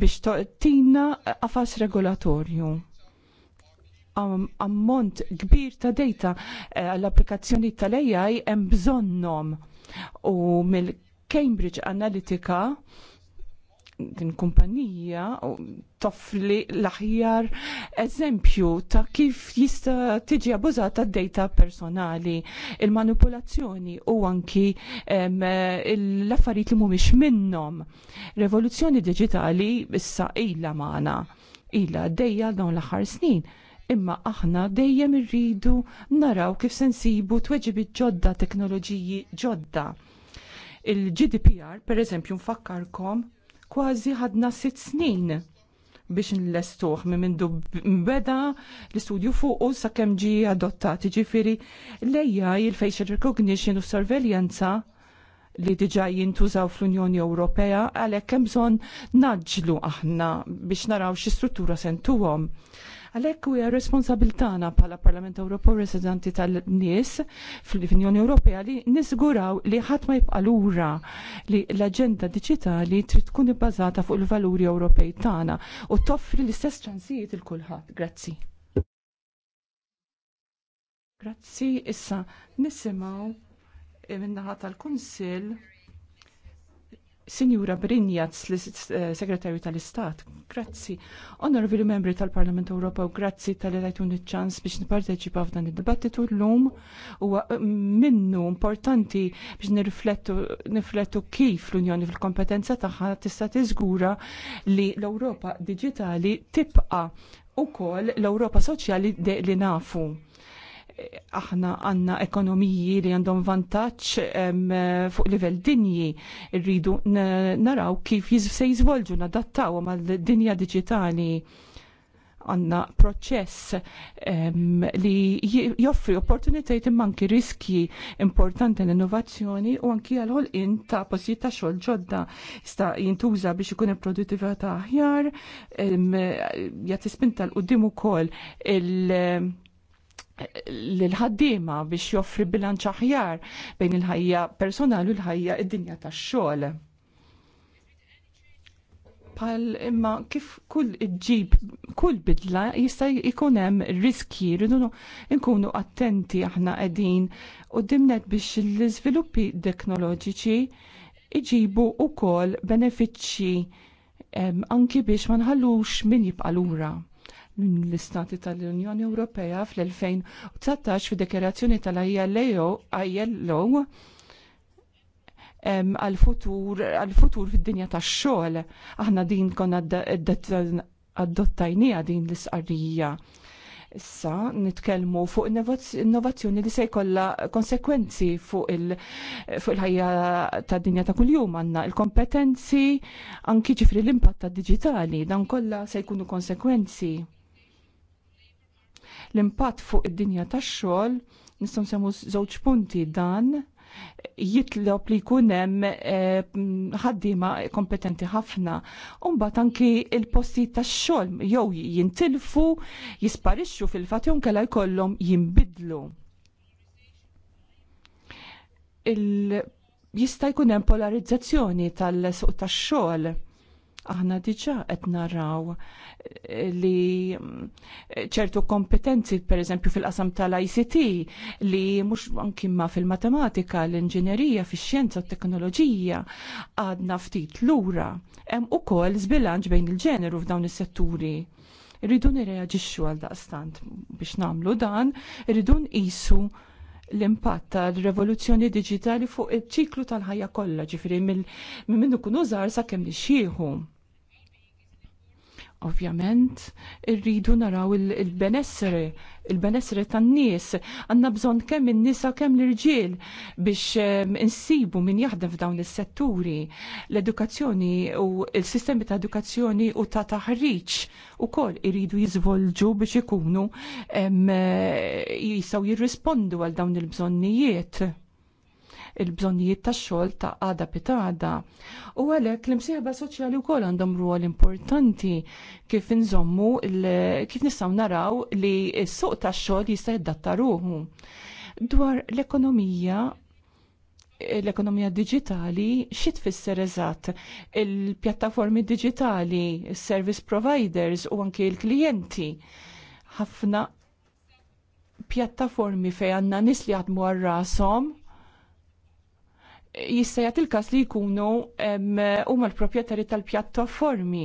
biex tina għafas regolatorju ammont kbir ta' data eh, għall-applikazzjoni tal-AI hemm bżonnhom u mill-Cambridge Analytica din kumpanija toffli l-aħjar eżempju ta' kif jista' tiġi abbużata d-data personali, il-manipulazzjoni u anki l-affarijiet li mhumiex minnhom. Revoluzzjoni diġitali issa ilha magħna, ilha dejja dawn l-aħħar snin imma aħna dejjem irridu naraw kif se nsibu tweġibiet ġodda teknoloġiji ġodda. Il-GDPR, pereżempju nfakkarkom kważi ħadna sitt snin biex nlestuħ minn mindu beda l-istudju fuq u sakemm ġi adottati ġifiri lejja il-facial recognition u sorveljanza li diġa jintużaw fl-Unjoni Ewropea għalhekk hemm bżonn naġġlu aħna biex naraw xi struttura sentuhom Għalhekk huja responsabiltana bħala Parlament Ewropew residenti tal-nies fl-Unjoni Ewropea li nisguraw li ħadd ma jibqa' lura li l-aġenda digitali trid tkun ibbażata fuq il-valuri Ewropej tagħna u toffri l-istess ċansijiet il kulħadd. Grazzi. Grazzi, issa nisimaw minnaħat tal-Kunsill Sinjura Brinjat, eh, segretarju tal-Istat, grazzi. Onorabili membri tal-Parlament Ewropew, grazzi tal iċ ċans biex nipparteċipa f'dan id-dibattitu l-lum u eh, minnu importanti biex niflettu kif l-Unjoni fil-kompetenza tagħha tista' tiżgura li l-Ewropa digitali tibqa' ukoll l-Ewropa soċjali li nafu aħna għanna ekonomiji li għandhom vantaċ fuq livell dinji rridu naraw kif se jizvolġu nadattaw l dinja digitali għanna proċess li joffri opportunitajt manki riski importanti l-innovazzjoni u anki għal in ta' posijiet ta' xogħol ġodda sta' jintuża biex ikun il-produttività ta' aħjar, jagħti l qoddimu kol il- l-ħaddima biex joffri bilanċ aħjar bejn il-ħajja personali u l-ħajja id-dinja tax-xogħol. Pal imma kif kull ġib, kull bidla jista' jkun hemm riski, rridu nkunu attenti aħna qegħdin u dimnet biex l-iżviluppi teknoloġiċi iġibu wkoll benefiċċji anki biex ma nħallux min jibqa' lura l-Istati tal-Unjoni Ewropea fl 2013 fid-Dekerazzjoni tal-ILO għal-futur għal-futur fid-dinja tax-xogħol. Aħna din konna adottajnija din l-isqarrija. Issa nitkellmu fuq innovazzjoni li se jkollha konsekwenzi fuq il-ħajja tad dinja ta' kuljum għandna il-kompetenzi anki ġifri l-impatt tad diġitali dan kollha se jkunu konsekwenzi L-impatt fuq id-dinja tax-xogħol nistgħu nsemmu żewġ punti dan jitlob li jkun hemm eh, ħaddiema kompetenti ħafna. u mbagħad anki l posti tax-xogħol jew jintilfu, jisparixxu fil-fatt jew kellha jkollhom jinbidlu. Il jista' jkun hemm polarizzazzjoni tal-suq tax-xogħol aħna diġa qed naraw eh, li eh, ċertu kompetenzi, per eżempju fil-qasam tal-ICT, li mhux anki ma fil-matematika, l-inġinerija, fix-xjenza, t-teknoloġija, għadna ftit lura. Hemm ukoll zbilanġ bejn il-ġeneru f'dawn is-setturi Irridu nireagġixxu għal daqstant biex namlu dan, iridu nqisu l-impatt tal-revoluzzjoni digitali fuq il-ċiklu tal-ħajja kollha, ġifieri minn min ikun żgħar sakemm nixxieħu. Ovvjament, irridu naraw il-benessere, il-benessere tan-nies, għanna bżon kemm in-nisa kemm l-irġiel biex ehm, insibu min jaħdem f'dawn is-setturi. L-edukazzjoni u l-sistemi ta' edukazzjoni u ta' taħriġ ukoll irridu jiżvolġu biex ikunu ehm, jisaw jirrispondu għal dawn il-bżonnijiet il-bżonnijiet tax-xogħol ta' għada pitada. U għalhekk l-imsieħba soċjali wkoll għandhom rwol importanti kif inżommu kif nistgħu naraw li s-suq tax-xogħol jista' jiddatta ruħu. Dwar l-ekonomija l-ekonomija digitali xi tfisser eżatt il-pjattaformi digitali, service providers u anke l-klijenti. Ħafna pjattaformi fejn għandna nies li jaħdmu għal rashom jista' jagħti il-każ li jkunu huma l-proprjetari tal-pjattaformi.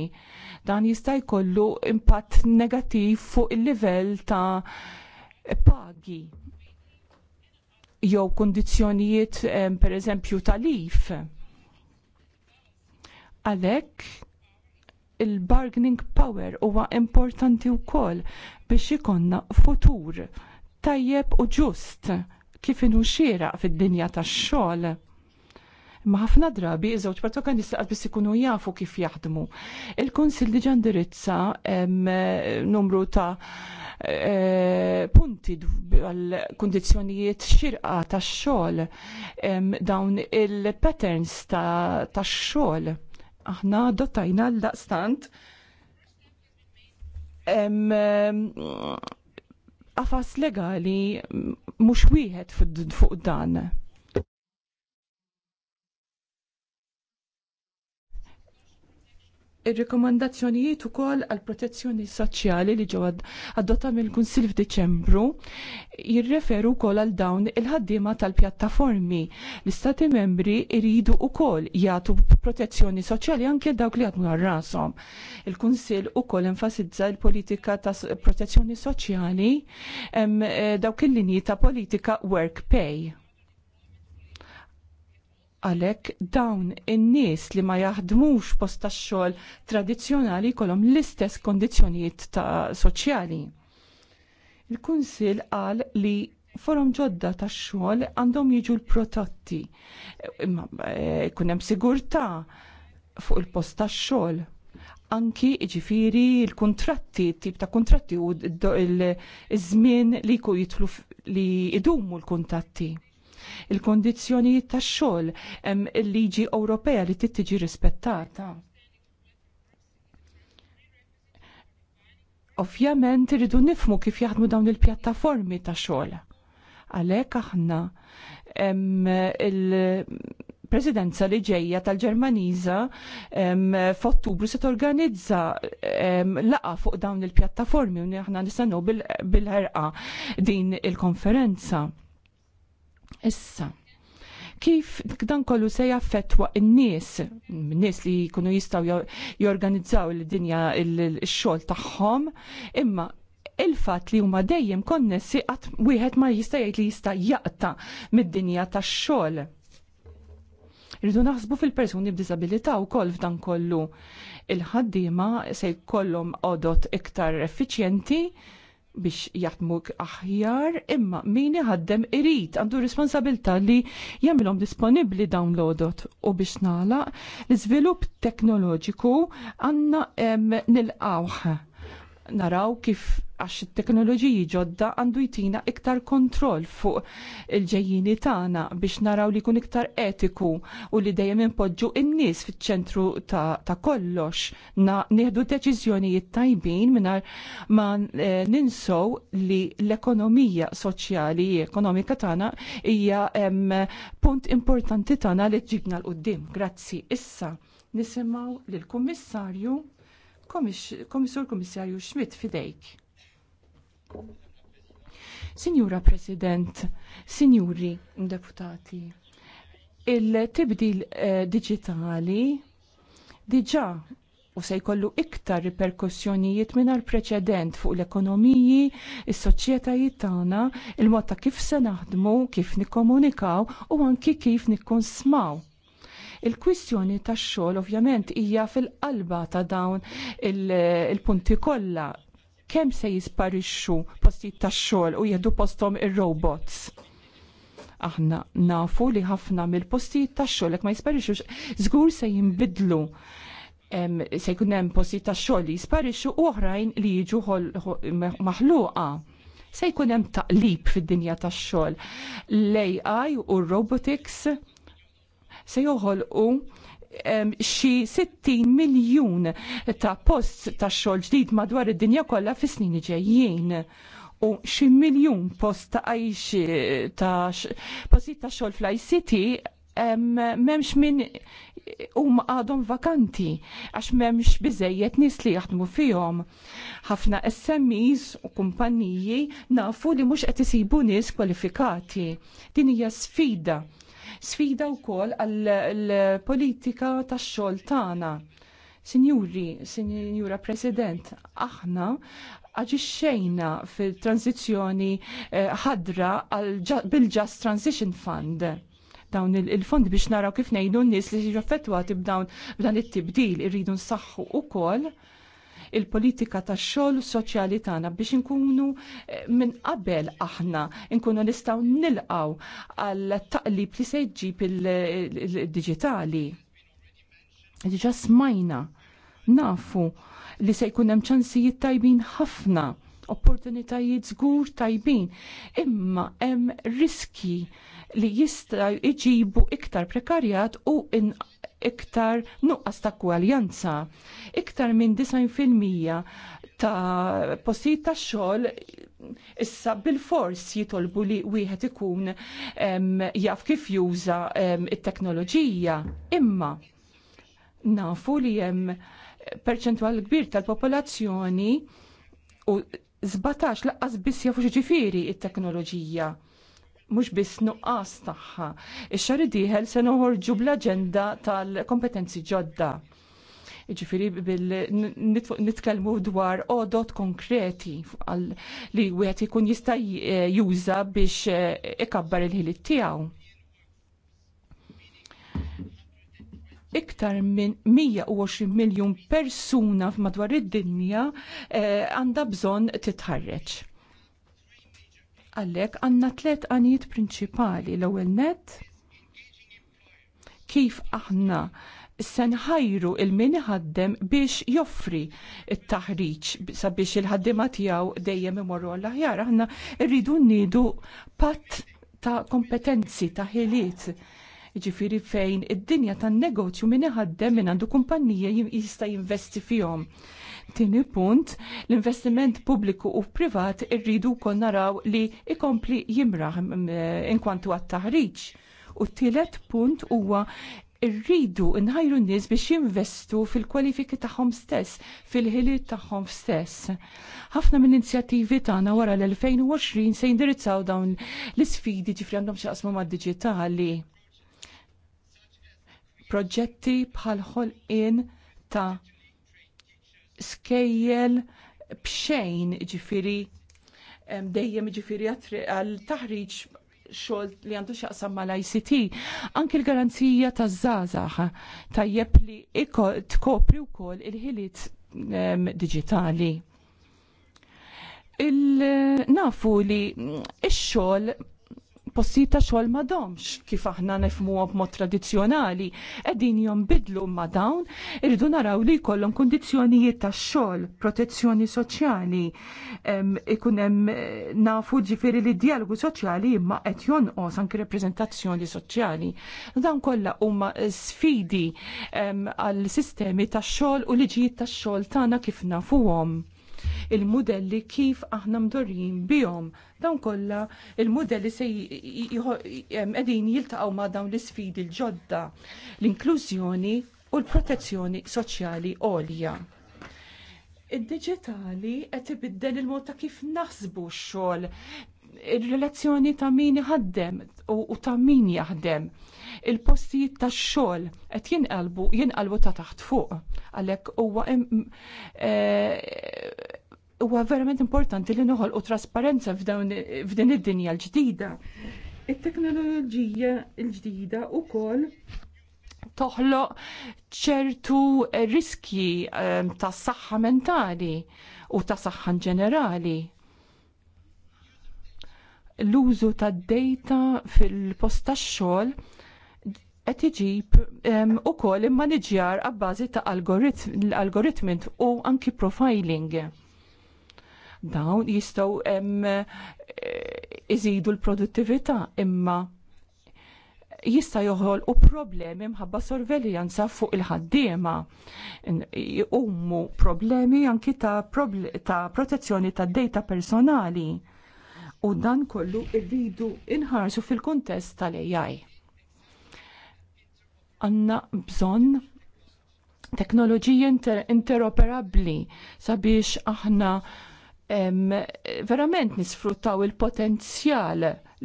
Dan jista' jkollu impatt negattiv fuq il-livell ta' pagi jew kundizzjonijiet pereżempju tal-if. Għalhekk il-bargaining power huwa importanti wkoll biex ikonna futur tajjeb u ġust kif inhu xieraq fid-dinja tax-xogħol. Ma ħafna drabi iż-żewġ protagonisti qatt biss ikunu jafu kif jaħdmu. Il-Kunsill diġa ndirizza numru ta' eh, punti għal kundizzjonijiet xirqa tax-xogħol dawn il-patterns tax-xogħol. Aħna dotajna l-daqstant qafas legali mhux wieħed fuq dan ir-rikomandazzjonijiet ukoll għal protezzjoni soċjali li ġew adotta mill-Kunsill f'Diċembru jirreferu wkoll għal dawn il-ħaddiema tal-pjattaformi. L-Istati membri jridu wkoll jagħtu protezzjoni soċjali anke dawk li għadmu għal rashom. Il-Kunsill ukoll enfasizza l-politika ta' protezzjoni soċjali eh, dawk il-linji ta' politika work pay Għalhekk dawn in-nies li ma jaħdmux post tax-xogħol tradizzjonali jkollhom l-istess kondizzjonijiet ta' soċjali. Il-Kunsill qal li forom ġodda ta' xogħol għandhom jiġu l-prototti. Eh, Kun hemm sigurtà fuq il-post tax xogħol. Anki ġifiri l-kontratti, tip ta' kontratti u l żmien li jkun jitlu li idumu l-kuntatti il-kondizzjonijiet tax-xogħol, hemm il-liġi Ewropea li trid tiġi rispettata. Ovvjament irridu nifmu kif jaħdmu dawn il-pjattaformi ta' xogħol. Għalhekk aħna il-presidenza li ġejja tal-Ġermaniża f'Ottubru se torganizza laqa fuq dawn il-pjattaformi u aħna nistennew bil-ħerqa din il-konferenza. Issa, kif dan kollu se jaffettwa n-nies, n-nies li jkunu jistgħu jorganizzaw il-dinja il-xogħol tagħhom, imma il-fatt li huma dejjem konnessi qatt wieħed ma jista' jgħid li jista' jaqta' mid-dinja tax-xogħol. Irridu naħsbu fil-persuni b'disabilità wkoll f'dan kollu. Il-ħaddiema se jkollhom għodot iktar effiċjenti biex jaħdmu aħjar, imma min iħaddem irid għandu responsabilta li jagħmilhom disponibbli dawn l u biex nagħlaq l-iżvilupp teknoloġiku għandna nilqawh naraw kif għax it-teknoloġiji ġodda għandu jtina iktar kontroll fuq il-ġejjini tagħna biex naraw li jkun iktar etiku u li dejjem impoġġu in-nies fiċ-ċentru ta', ta kollox na nieħdu deċiżjonijiet tajbin mingħajr ma eh, ninsow li l-ekonomija soċjali ekonomika tagħna hija punt importanti tagħna li ġibna l-qudiem. Grazzi. Issa nisimgħu lill-Kummissarju Komissur Komissarju Schmidt fidejk. Sinjura President, Sinjuri Deputati, il-tibdil eh, digitali diġa u se jkollu iktar riperkussjonijiet mingħajr preċedent fuq l-ekonomiji, is-soċjetajiet tagħna, il-mod ta' kif se naħdmu, kif nikkomunikaw u anki kif nikkonsmaw Il-kwistjoni tax-xogħol ovvjament hija fil-qalba ta' dawn il-punti il kollha kemm se jisparixxu postijiet tax-xogħol u jieħdu posthom ir-robots aħna nafu li ħafna mill-postijiet tax-xogħol ma jisparixux, żgur se jinbidlu se jkun hemm postijiet tax-xogħol li jisparixxu oħrajn li jiġu maħluqa. Se jkun hemm taqlib fid-dinja tax-xogħol. L-AI u r-robotics se joħolqu xi 60 miljun ta' post ta' xogħol ġdid madwar id-dinja kollha fis-snin ġejjin u xi miljun post ta' għajx ta' postijiet ta' xogħol fl-ICT memx minn huma għadhom vakanti għax memx biżejjed nies li jaħdmu fihom. Ħafna SMEs u kumpaniji nafu li mhux qed isibu nies kwalifikati. Din hija sfida sfida wkoll għall-politika tax-xogħol tagħna. Sinjuri, Sinjura President, aħna aġixxejna fil-tranzizjoni eh, ħadra bil-Just Transition Fund dawn il-fond biex naraw kif ngħidu n-nies li jiġu affettwati b'dawn b'dan it-tibdil irridu nsaħħu wkoll il-politika tax-xogħol soċjali tagħna biex inkunu eh, minn qabel aħna nkunu nistgħu nilqgħu għal taqlib li se jġib il-diġitali. Diġà smajna nafu li se jkun hemm ċansijiet tajbin ħafna opportunitajiet żgur tajbin, imma hemm riski li jista' jġibu iktar prekarjat u in iktar nuqqas ta' kwaljanza. Iktar minn 90% ta' postijiet ta' xogħol issa bil-fors jitolbu li wieħed ikun jaf kif juża it-teknoloġija. Imma nafu li hemm perċentwal kbir tal-popolazzjoni u 17 laqqas biss jafu ġifiri it-teknoloġija mhux biss nuqqas tagħha. Ix-xahar diħel se noħorġu bl-aġenda tal-kompetenzi ġodda. Ġifiri nitkellmu dwar odot konkreti li wieħed ikun jista' eh, juża biex eh, ikabbar il-ħiliet tiegħu. iktar minn 120 miljun persuna madwar id-dinja eh, għandha bżonn titħarreġ. Għallek għanna tlet għanijiet prinċipali l-ewwel net kif aħna senħajru il-min ħaddem biex joffri il-taħriċ sabiex il-ħaddima tiegħu dejjem imorru għall-ħjar. Aħna rridu nidu pat ta' kompetenzi, ta' ħiliet. Ġifiri fejn id-dinja tan negozju min ħaddem min għandu kumpanija jista' jinvesti fihom. Tini punt, l-investiment pubbliku u privat irridu kon naraw li ikompli jimraħ inkwantu għat-taħriġ. U t-tielet punt huwa irridu nħajru n-nies biex jinvestu fil-kwalifiki tagħhom stess, fil-ħiliet tagħhom stess. Ħafna minn inizjattivi tagħna wara l-2020 se jindirizzaw dawn l-isfidi ġifri għandhom xaqsmu mad-diġitali. Proġetti bħal ħolqien ta' skejjel bxejn ġifiri dejjem ġifiri għal taħriġ xogħol li għandu xaqsam mal-ICT, anki l-garanzija ta' zazax tajjeb li tkopri wkoll il-ħiliet digitali. Il-nafu li x-xogħol postijiet ta' xogħol m'għadhomx kif aħna nifhmuhom b'mod tradizzjonali. Qegħdin jonbidlu ma' dawn irridu naraw li jkollhom kundizzjonijiet ta' xogħol, protezzjoni soċjali. Ikun hemm eh, nafu ġifieri li dialogu soċjali imma qed jonqos anki reprezentazzjoni soċjali. Dawn kollha huma sfidi għal sistemi ta' xogħol u liġijiet ta' xogħol tagħna kif nafuhom il-modelli kif aħna mdorjim bihom. Dawn kollha il-modelli se qegħdin jiltaqgħu ma' dawn l-isfidi l-ġodda, l-inklużjoni u l-protezzjoni soċjali għolja. Id-diġitali qed ibiddel il-mod ta' kif naħsbu x-xogħol ir relazzjoni ta' min jħaddem u ta' min jaħdem. Il-postijiet ta' xogħol qed jinqalbu jinqalbu ta' taħt fuq. Għalhekk huwa eh, huwa verament importanti li noħolqu trasparenza f'din id-dinja l-ġdida. It-teknoloġija l-ġdida wkoll toħloq ċertu riskji ehm, ta' saħħa mentali u ta' saħħa ġenerali. L-użu ta' data fil-post ta' xogħol qed iġib ehm, ukoll imma niġjar għabbażi ta' algoritmi u anki profiling Dawn jistgħu eh, iżidu l-produttività imma jista' joħol u problemi mħabba sorveljanza fuq il-ħaddiema. Ummu problemi anki ta', ta protezzjoni ta' data personali. U dan kollu rridu inħarsu fil-kuntest tal-AI. Għanna bżon teknoloġiji inter interoperabbli sabiex aħna verament nisfruttaw il-potenzjal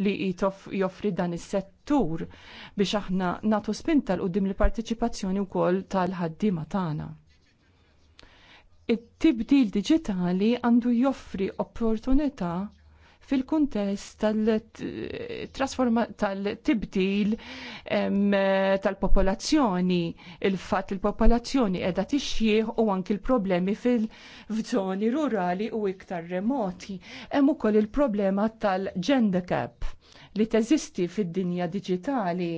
li joffri dan is-settur biex aħna natu spinta l qudiem li partiċipazzjoni wkoll tal-ħaddiema tagħna. It-tibdil diġitali għandu joffri opportunità fil-kuntest tal-tibdil tal-popolazzjoni, il-fat il-popolazzjoni edha tixjieħ u anki l-problemi fil zoni rurali u iktar remoti. Hemm ukoll il-problema tal-gender gap li teżisti fid-dinja diġitali.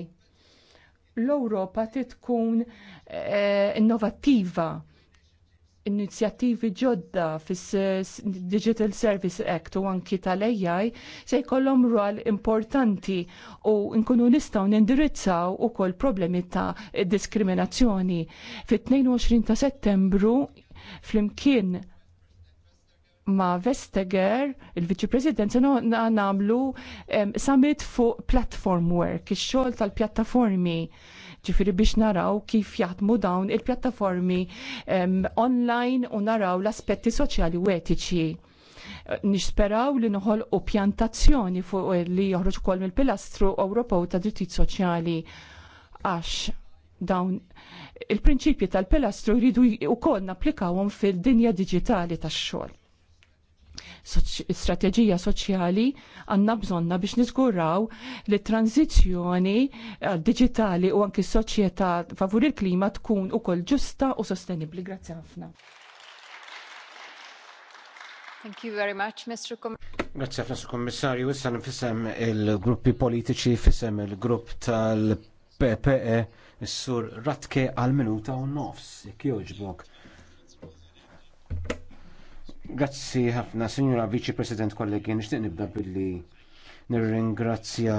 L-Ewropa titkun eh, innovattiva inizjattivi ġodda fis Digital Service Act u anki tal-AI se jkollhom rol importanti u nkunu nistgħu nindirizzaw ukoll problemi ta' diskriminazzjoni. Fit-22 ta' Settembru flimkien ma' Vestager, il-Viċi President, se nagħmlu summit fuq platform work, ix-xogħol tal-pjattaformi ġifiri biex naraw kif jaħdmu dawn il-pjattaformi online u naraw l-aspetti soċjali u etiċi. Nisperaw li nħol u pjantazzjoni fuq li joħroġ ukoll mill-pilastru Ewropew ta' drittijiet soċjali għax dawn il-prinċipji tal-pilastru jridu wkoll napplikawhom fil dinja diġitali tax-xogħol strategija soċjali għandna bżonna biex niżguraw li tranzizjoni eh, digitali u anki soċjetà favur il-klima tkun ukoll ġusta u sostenibbli. Grazzi ħafna. Thank you very much, Mr. Com Grazie ħafna, Kommissarju. Issa nifisem il-gruppi politiċi, fissem il-grupp tal-PPE, s-sur Ratke għal-minuta u nofs, jek joġbok. Grazzi ħafna, Signora Vice President kollegi, nixtieq nibda billi nirringrazzja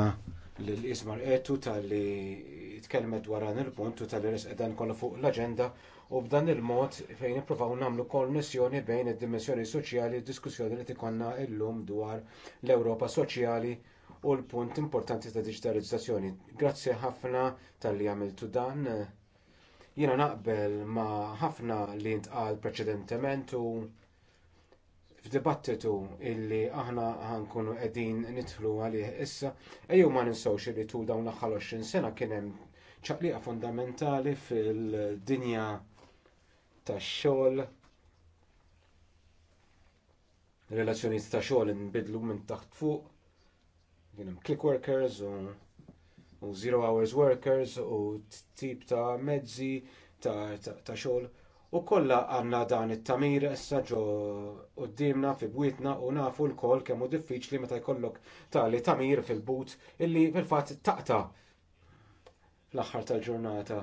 l-Ismar Etu tal-li tkellmet dwar dan il-punt u tal-li resqedan kollu fuq l-agenda u b'dan il-mod fejn ippruvaw nagħmlu konnessjoni bejn id-dimensjoni soċjali u diskussjoni li tikonna llum dwar l-Ewropa soċjali u l-punt importanti ta' digitalizzazzjoni. Grazzi ħafna tal-li għamiltu dan. Jiena naqbel ma' ħafna li ntqal preċedentement u f'dibattitu illi aħna ħankunu qegħdin nidħlu għalih issa, ejjew ma ninsawx li tu dawn l-aħħar 20 sena kien hemm ċaqliqa fundamentali fil-dinja tax-xogħol relazzjonijiet ta' xogħol inbidlu minn taħt fuq, kien hemm click workers u, zero hours workers u tip ta' mezzi ta' xogħol U kollha għandna dan it-tamir issa ġo quddiemna fi bwietna u nafu lkoll kemm hu diffiċli meta jkollok tali tamir fil-but illi fil-fatt taqta fl-aħħar tal-ġurnata.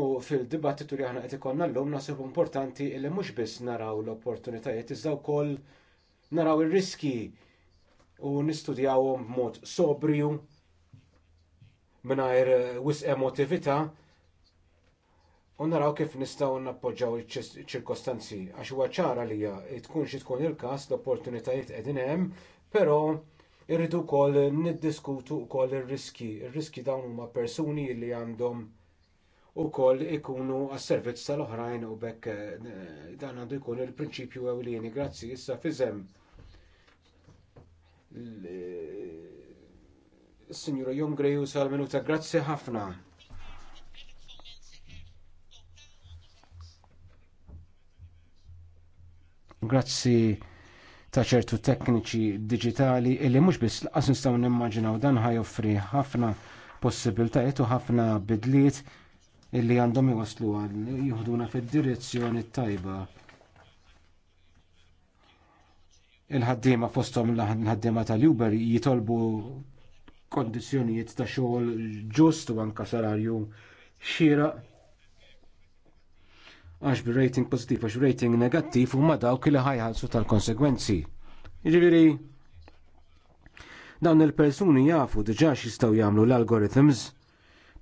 U fil-dibattitu li aħna qed ikollna llum nasib importanti illi mhux biss naraw l-opportunitajiet iżda wkoll naraw ir-riski u nistudjawhom b'mod sobriju mingħajr wisq emotività u naraw kif nistgħu nappoġġaw iċ-ċirkostanzi għax huwa ċara li tkun xi tkun il-każ l-opportunitajiet qegħdin hemm, però irridu wkoll niddiskutu wkoll ir-riski. Ir-riski dawn huma persuni li għandhom ukoll ikunu għas-servizz tal-oħrajn u bekk eh, dan għandu jkun il-prinċipju ewlieni. Grazzi, issa fizem eh, Signora Jongreju sal-minuta, grazzi ħafna. Grazzi ta' ċertu tekniċi digitali illi mhux biss laqas nistgħu nimmaġinaw dan ħajoffri ħafna possibiltajiet u ħafna bidliet illi għandhom iwaslu għal jihduna fid-direzzjoni tajba. Il-ħaddiema fosthom l-ħaddiema tal-Uber jitolbu kondizzjonijiet ta' xogħol ġust u anke salarju xieraq għax b'rating pozittiv għax rating negattiv ma dawk li ħajħalsu tal-konsegwenzi. Jiġifieri dawn il-persuni jafu diġà jistgħu jagħmlu l-algorithms,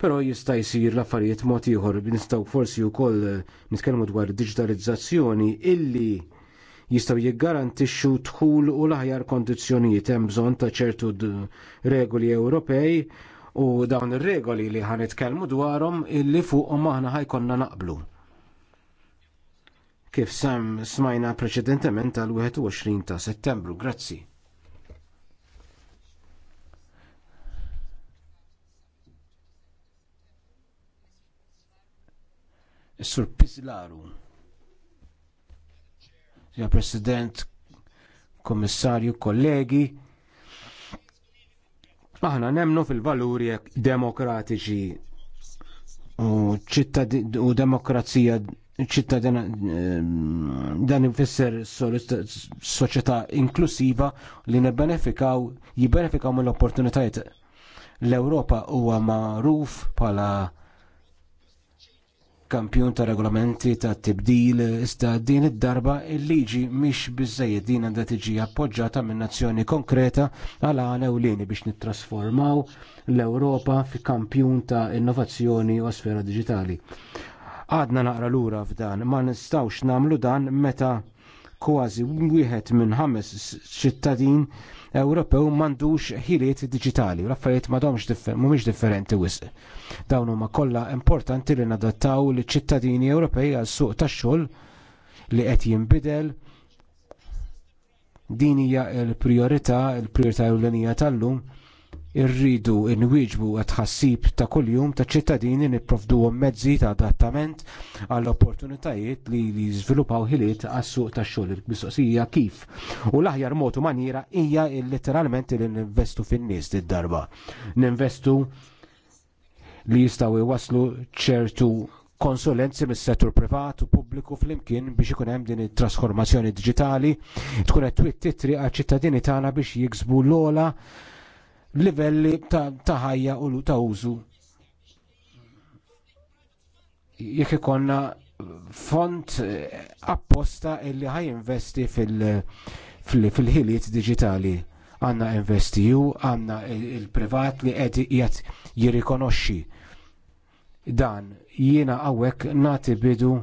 però jista' jsir l-affarijiet mod ieħor nistgħu forsi wkoll nitkellmu dwar digitalizzazzjoni illi jistgħu jiggarantixxu dħul u l-aħjar kondizzjonijiet hemm bżonn ta' ċertu regoli Ewropej u dawn ir-regoli li ħanitkellmu dwarhom illi fuqhom aħna ħajkonna naqblu kif sam smajna preċedentement għal 21 ta' settembru. Grazzi. Sur Pizlaru. Ja President, Kommissarju, kollegi. Aħna nemnu fil-valuri demokratiċi u ċittadin u demokrazija ċitta ehm, dan infisser soċjetà inklusiva li nebbenefikaw jibbenefikaw mill-opportunitajiet. L-Ewropa huwa magħruf bħala kampjun ta' regolamenti ta' tibdil iżda din id-darba il-liġi mhix biżejjed din għandha tiġi appoġġata minn nazzjoni konkreta għal għana ewlieni biex nittrasformaw l-Ewropa fi kampjun ta' innovazzjoni u sfera diġitali Għadna naqra lura f'dan, ma nistawx namlu dan meta kważi wieħed minn ħames ċittadin Ewropew m'għandux ħiliet diġitali u l domx m'għadhomx mhumiex differenti wisq. Dawn huma kollha importanti li nadattaw liċ ċittadini Ewropej għal suq tax-xogħol li qed jinbidel din hija l-priorità, il-priorità ewlenija tal-lum irridu nwieġbu għat ħassib ta' kuljum ta' ċittadini nipprovduhom mezzi ta' adattament għall opportunitajiet li li ħiliet għas-suq tax-xogħol il bistoqsija kif. U l-aħjar mod u maniera hija literalment li ninvestu fin-nies darba Ninvestu li jistgħu jwasslu ċertu konsulenzi mis-settur privat u pubbliku flimkien biex ikun hemm din it-trasformazzjoni diġitali tkun qed titri għal ċittadini tagħna biex jiksbu l-ola livelli ta' ħajja u ta' użu. Jekk ikonna font eh, apposta illi ħaj investi fil-ħiliet digitali. Għanna investiju, għanna il-privat li għed jgħat jirrikonoxxi. Dan jiena għawek nati bidu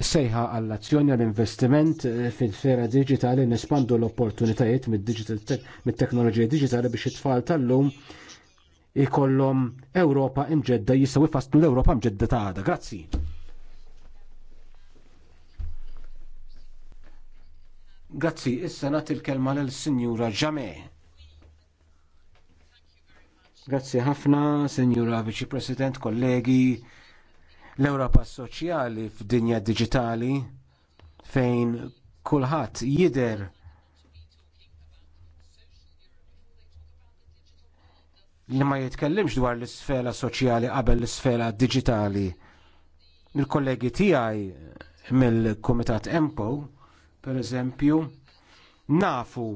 sejħa għall-azzjoni għall-investiment eh, fil-fera digitali nispandu l-opportunitajiet mit-teknoloġija digitali biex it-tfal tal-lum ikollhom Ewropa imġedda jistgħu jfasslu l-Ewropa imġedda ta' għada. Grazzi. Grazzi, issa nagħti il-kelma lill-Sinjura Ġame. Grazzi ħafna, Sinjura Viċi President, kollegi l-Ewropa soċjali f'dinja digitali fejn kulħadd jidher li ma jitkellimx dwar l-isfela soċjali qabel l-isfela digitali. Il-kollegi tiegħi mill-Kumitat Empo, per eżempju, nafu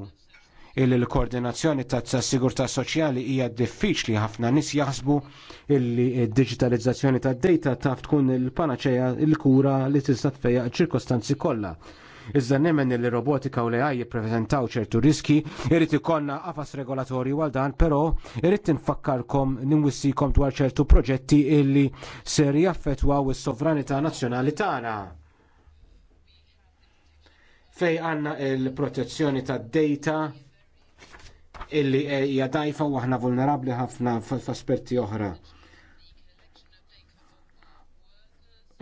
illi l-koordinazzjoni ta' sigurtà soċjali hija diffiċli ħafna nies jaħsbu illi d-diġitalizzazzjoni tad data taf tkun il-panaċeja il-kura li tista' tfejja ċirkostanzi kollha. Iżda nemmen li robotika u l-AI jippreżentaw ċertu riski, irrit ikollna għafas regolatori għal dan, però irrit tinfakkarkom ninwissikom dwar ċertu proġetti illi ser jaffetwaw is-sovranità nazzjonali tagħna fej għanna il-protezzjoni tad data illi hija dajfa u aħna vulnerabbli ħafna f'aspetti oħra.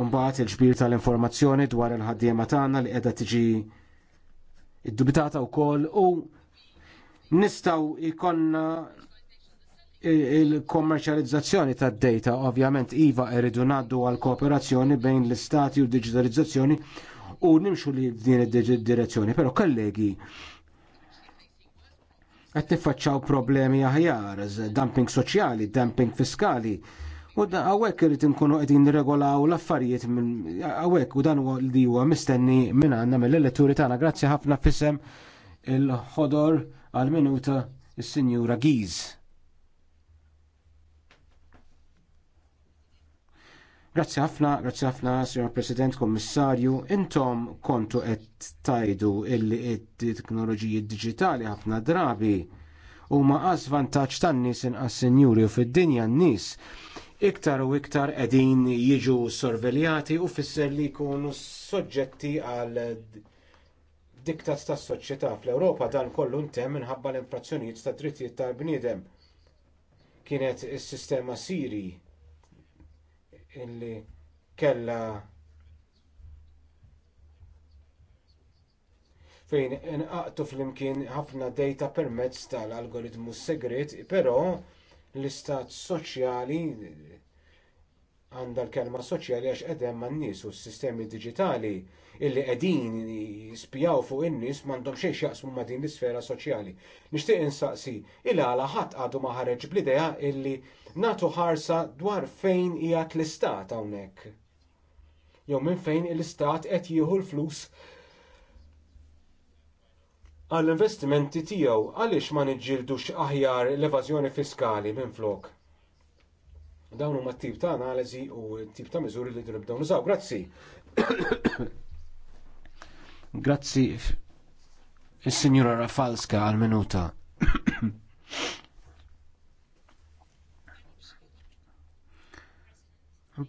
Mbagħad il-ġbir tal-informazzjoni dwar il-ħaddiema tagħna li qiegħda tiġi iddubitata wkoll u nistgħu ikonna il kommerċjalizzazzjoni tad data ovvjament iva rridu ngħaddu għal kooperazzjoni bejn l-istati u d-diġitalizzazzjoni u nimxu li din id-direzzjoni, però kollegi qed tiffaċċaw problemi aħjar, dumping soċjali, dumping fiskali. U għawek irrit nkunu qegħdin nirregolaw l-affarijiet minn għawek u dan huwa li huwa mistenni minn għandna mill-elettori tagħna. Grazzi ħafna fisem il-ħodor għal-minuta is-Sinjura Giz. Grazzi ħafna, grazzi ħafna, Sr. President, Kommissarju, intom kontu qed tajdu il-teknoloġiji digitali ħafna drabi u ma għaz vantaċ tan-nies inqas sinjuri u fid-dinja n-nies iktar u iktar qegħdin jiġu sorveljati u fisser li jkunu soġġetti għal diktat tas-soċjetà fl-Ewropa dan kollu intemm minħabba l-infrazzjonijiet tad drittijiet tal-bniedem kienet is-sistema Siri illi kella fejn inqaqtu flimkien ħafna data permezz tal-algoritmu segret, però l-istat soċjali għandha l-kelma soċjali għax qedem man nies u s-sistemi diġitali illi qegħdin jispjaw fuq in-nies m'għandhom xejn jaqsmu ma' din l-isfera soċjali. Nixtieq insaqsi il għala ħadd għadu ma ħareġ bl-idea illi nagħtu ħarsa dwar fejn qiegħed l-istat hawnhekk. Jew minn fejn l-istat qed jieħu l-flus għall-investimenti tiegħu għaliex ma niġġieldux aħjar l-evażjoni fiskali minflok. Dawn huma t-tip ta' analiżi u t-tip ta' miżuri li nibdew nużaw. Grazzi. Grazzi il-Sinjura Rafalska għal-minuta.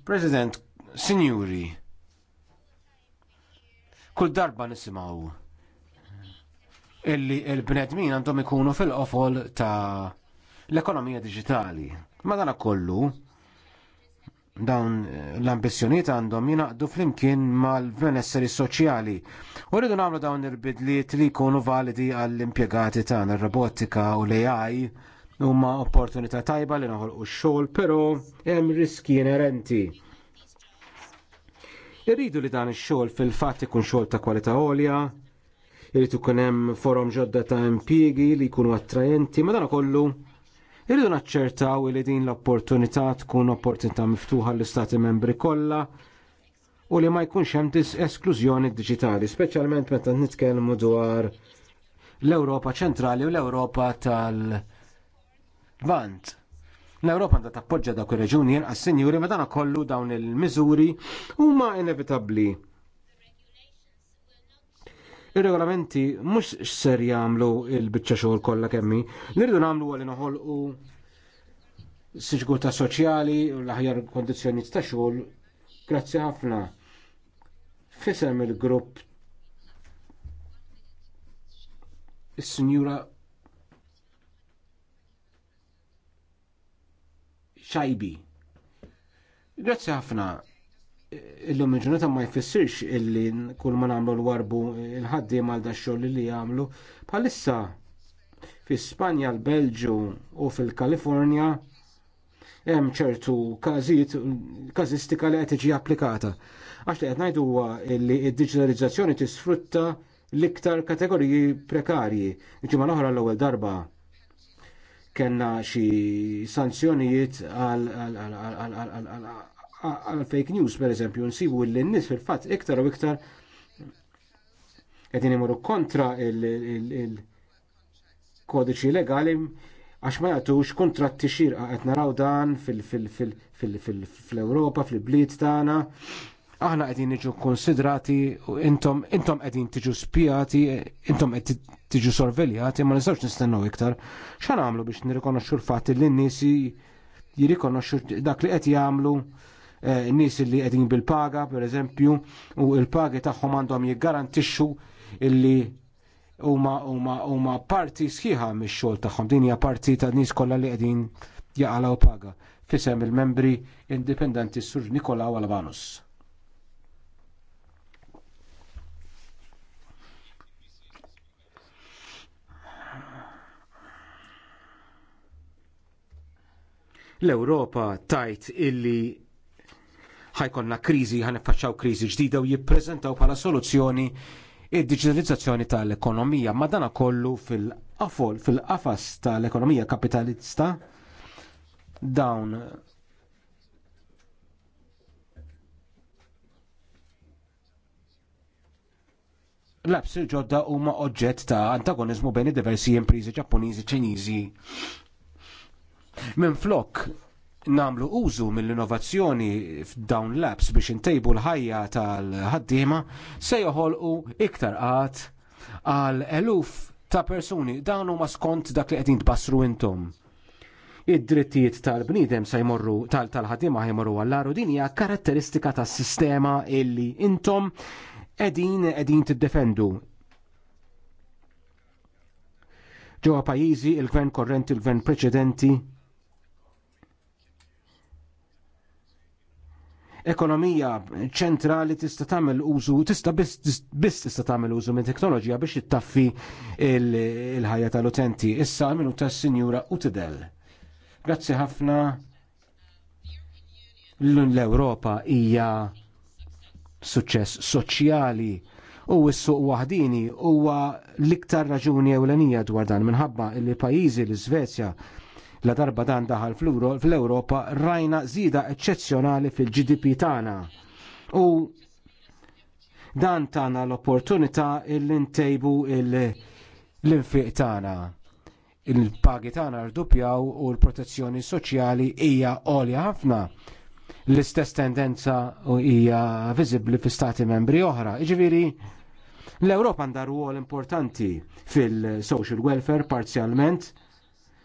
President, Sinjuri, kull darba nisimaw illi il-bnedmin għandhom ikunu fil-qofol ta' l-ekonomija digitali. Ma dan kollu, dawn eh, l-ambizjoniet għandhom jinaqdu flimkien mal-benesseri soċjali. U rridu nagħmlu dawn il-bidliet li jkunu validi għall-impjegati tagħna ir-robotika u l-AI huma opportunità tajba li noħolqu x-xogħol, però hemm riski inerenti. Irridu li dan ix-xogħol fil-fatt ikun xogħol ta' kwalità għolja, irrid ikun hemm forum ġodda ta' impjiegi li jkunu attrajenti, ma dan kollu Irridu naċċertaw li din l-opportunità tkun opportunità miftuħa l-Istati membri kollha u li ma jkunx hemm esklużjoni diġitali, speċjalment meta nitkellmu dwar l-Ewropa ċentrali u l-Ewropa tal-Vant. L-Ewropa għandha tappoġġja dawk ir-reġuni jenqas sinjuri ma dan kollu dawn il-miżuri huma inevitabbli Ir-regolamenti mhux ser jagħmlu l-biċċa xogħol kollha kemmi. Nirdu nagħmlu għalli s-sġgurta soċjali u l-aħjar kondizzjonijiet ta' xogħol. Grazzi ħafna. Fisem il-grupp is-Sinjura xajbi. Grazzi ħafna illum il-ġurnata ma jfissirx illi kull ma nagħmlu l-warbu il ħaddiem għal daxxol li għamlu. bħalissa fi Spanja, l-Belġu u fil-Kalifornja hemm ċertu każijiet każistika li qed tiġi applikata. Għax li qed ngħidu huwa li d-diġitalizzazzjoni tisfrutta l-iktar kategoriji prekarji. Ġimgħa l-oħra l-ewwel darba kellna xi sanzjonijiet għal għal fake news per eżempju nsibu l nies fil-fatt iktar u iktar qegħdin imorru kontra il-kodiċi legali għax ma jagħtux t xirqa qed naraw dan fil-Ewropa, fil-bliet tagħna. Aħna qegħdin iġu konsidrati u intom għedin qegħdin tiġu spijati, intom qed tiġu sorveljati, ma nistawx nistennaw iktar. għamlu biex nirrikonoxxu l-fatt li nies jirrikonoxxu dak li qed jagħmlu Eh, nis li qegħdin bil-paga, pereżempju, u l-pagi tagħhom għandhom jiggarantixxu illi huma huma huma parti sħiħa mix-xogħol tagħhom. Din hija parti ta' nies kollha li qegħdin jaqalgħu paga. Fisem il-membri indipendenti Sur Nikolaw Albanus. l-Europa tajt illi ħajkonna kriżi, ħanifaċċaw kriżi ġdida u jippreżentaw bħala soluzzjoni id-digitalizzazzjoni tal-ekonomija. Ma dana kollu fil-qafol, fil-qafas tal-ekonomija kapitalista dawn l-abs ġodda huma oġġett ta' antagonizmu bejn diversi imprizi Ġappuniżi Ċiniżi. Minn flok namlu użu mill-innovazzjoni f'dawn l-apps biex intejbu l-ħajja tal-ħaddiema se joħolqu iktar qatt għal eluf ta' persuni dawn huma skont dak li qegħdin tbassru intom. Id-drittijiet tal-bniedem se jmorru tal-ħaddiema -tal jmorru għall din hija karatteristika tas-sistema illi intom qegħdin qegħdin tiddefendu. Ġewwa pajjiżi il-gvern korrenti, il-gvern preċedenti, ekonomija ċentrali tista' tagħmel użu, tista' biss tista' tagħmel użu minn teknoloġija biex ittaffi il-ħajja tal-utenti. Issa minuta tas-Sinjura Utidel. Grazzi ħafna l-Ewropa hija suċċess soċjali u s-suq waħdini huwa l-iktar raġuni ewlenija dwar dan minħabba li pajjiżi l iżvezja La darba dan daħal fl-Europa rajna zida eccezzjonali fil-GDP tagħna. U dan tana l-opportunità il ntejbu l-infiq tagħna. Il-pagi tagħna rdupjaw u l-protezzjoni soċjali hija għolja ħafna l-istess tendenza hija viżibbli fi stati membri oħra. Iġviri, l-Ewropa għandha rwol importanti fil-social welfare parzjalment,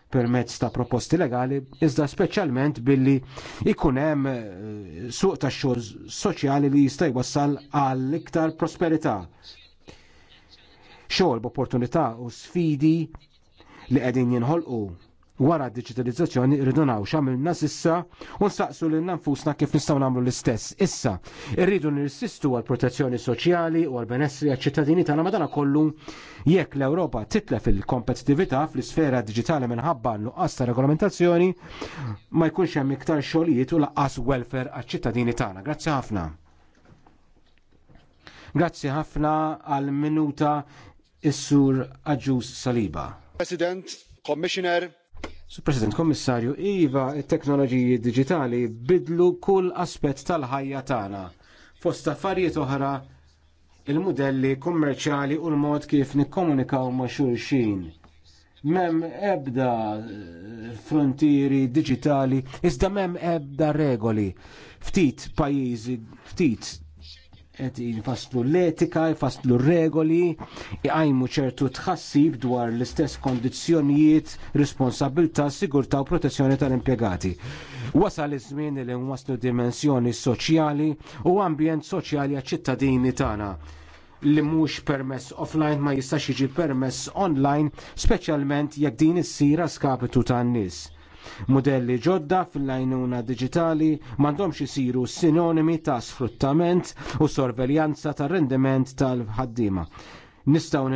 permezz ta' proposti legali, iżda speċjalment billi ikun hemm eh, suq ta' xogħol soċjali li jista' jwassal għal iktar prosperità. Xogħol b'opportunità u sfidi li qegħdin jinħolqu wara d-digitalizzazzjoni rridu naw xamilna sissa u nsaqsu lil nfusna kif nistgħu nagħmlu l-istess. Issa irridu nirsistu għal protezzjoni soċjali u għal benessri għal ċittadini tagħna madana kollu jekk l-Ewropa titlef il-kompetittività fl-isfera diġitali minħabba nuqqas ta' regolamentazzjoni ma jkunx hemm iktar xogħlijiet u laqqas welfare għal ċittadini tagħna. Grazzi ħafna. Grazzi ħafna għal minuta is-sur Aġus Saliba. President, Commissioner, Su President Kommissarju, Iva, it-teknoloġiji digitali bidlu kull aspett tal-ħajja tagħna. Fost affarijiet oħra il-modelli kummerċjali u l-mod kif nikkomunikaw ma' xulxin. Mem ebda eh, frontieri digitali, iżda mem ebda regoli. Ftit pajjiżi, ftit qed jinfasslu l-etika, jfasslu regoli, jgħajmu ċertu tħassib dwar l-istess kondizzjonijiet, responsabilità, sigurtà u protezzjoni tal-impjegati. Wasal iż-żmien li nwasslu dimensjoni soċjali u ambjent soċjali għaċ-ċittadini tagħna li mhux permess offline ma jistax jiġi permess online, speċjalment jekk din issira skapitu tan-nies Modelli ġodda fil-lajnuna digitali m'għandhomx isiru sinonimi ta' sfruttament u sorveljanza tar rendiment tal ħaddima Nistgħu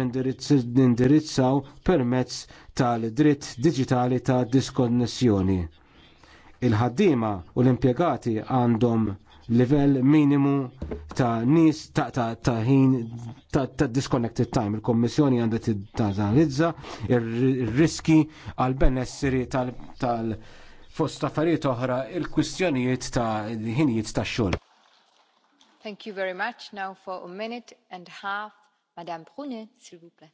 nindirizzaw permezz tal-dritt digitali ta' diskonnessjoni. Il-ħaddiema u l-impjegati għandhom livell minimu ta' nis ta' ta' ta' ħin ta', ta disconnected time. Il-Kommissjoni għandha tanalizza ir-riski għal benessiri tal, tal fost affarijiet oħra il-kwistjonijiet ta' ħinijiet ta' xogħol. Thank you very much. Now for a minute and a half, Madame Brunet, s'il vous plaît.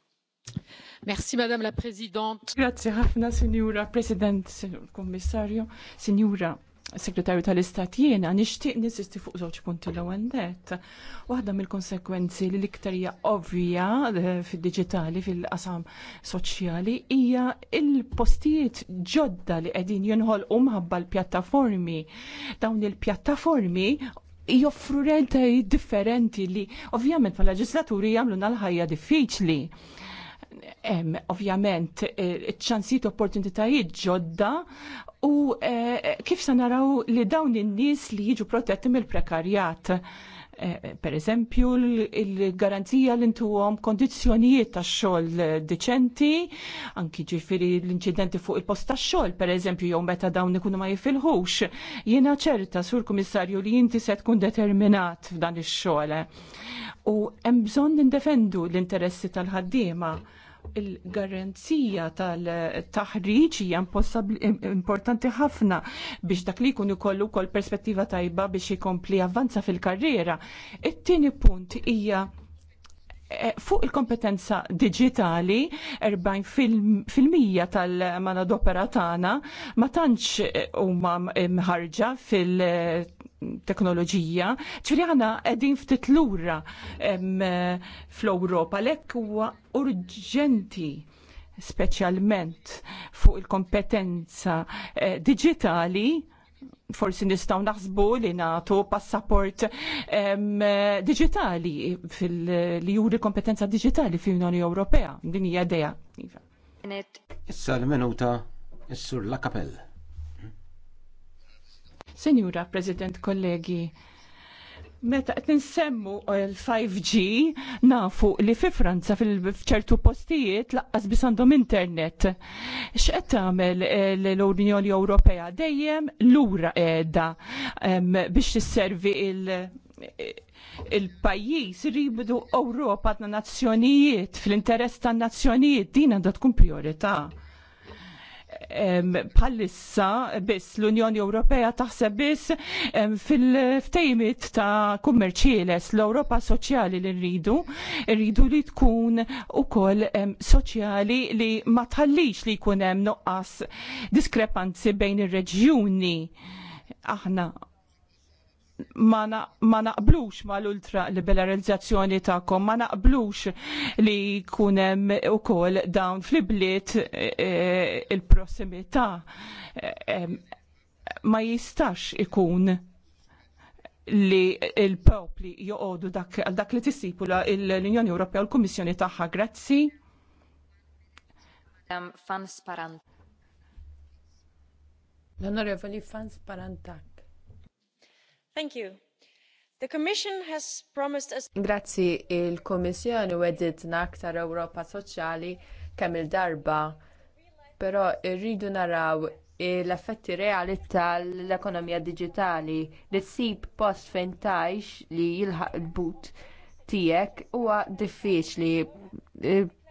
Merci Madame la Présidente. Grazie ħafna, Signora President, Commissario, Signora segretarju tal-Istat jiena nixtieq nisisti fuq żewġ punti l-ewwel net. Waħda mill-konsekwenzi li l-iktar hija ovvja eh, fid-diġitali fil-qasam soċjali hija il-postijiet ġodda li qegħdin jinħolqu mħabba l-pjattaformi. Dawn il-pjattaformi joffru rentaj differenti li ovvjament ma leġislaturi jagħmlu l-ħajja diffiċli ovvjament e, ċansit opportunitajiet ġodda u e, kif sa naraw li dawn in-nies li jiġu protetti mill-prekarjat e, per eżempju il-garanzija li intuhom kondizjonijiet ta' xogħol deċenti, anki ġifiri l-inċidenti fuq il-post ta' xogħol, per eżempju jew meta dawn ikunu ma jifilħux. Jiena ċerta sur kummissarju li inti se tkun determinat f'dan ix-xogħol. U hemm bżonn nindefendu l-interessi tal-ħaddiema il-garanzija tal-taħriġ hija importanti ħafna biex dak li jkun ikollu wkoll perspettiva tajba biex ikompli avvanza fil-karriera. It-tieni punt hija eh, fuq il-kompetenza digitali 40% fil-mija tal-manadopera tagħna ma tantx eh, huma mħarġa fil- teknoloġija, ċviri għana għedin ftit lura fl-Europa, Lekk huwa urġenti specialment fuq il-kompetenza eh, digitali forsi nistaw naħsbu li natu passaport um, digitali li juri kompetenza digitali fil-Unjoni Ewropea. Din hija idea. Iva. Issa l-minuta is-sur la kapella. Senjura President, kollegi, Meta qed nsemmu l-5G nafu li fi Franza fil-ċertu postijiet laqqas biss għandhom internet. X'qed tagħmel eh, l-Unjoni Ewropea dejjem lura qiegħda ehm, biex tisservi il- il-pajjiż ribdu Ewropa ta' nazzjonijiet fl-interess tan nazzjonijiet din għandha tkun priorità palissa biss l-Unjoni Ewropea taħseb biss fil-ftejmit ta' kummerċieles l-Ewropa soċjali li rridu, rridu li tkun ukoll soċjali li ma tħallix li jkun hemm nuqqas diskrepanzi bejn ir-reġjuni. Aħna ma naqblux ma l-ultra liberalizzazzjoni ta'kom, ma naqblux li kunem u kol dawn fl-ibliet eh, eh, il-prossimità eh, ma jistax ikun li il-popli joqodu dak, dak li tissipula l-Unjoni Ewropea u l-Kummissjoni tagħha. Grazzi. Fan sparanta. L-Onorevoli Fan Sparanta. Thank you. The Commission has promised us Grazzi il-Kommissjoni weditna naqtar Ewropa Soċjali kemm il-darba, però rridu naraw l-effetti reali tal-ekonomija diġitali li tsib post fejn tajx li jilħaq il-but tiegħek huwa diffiċli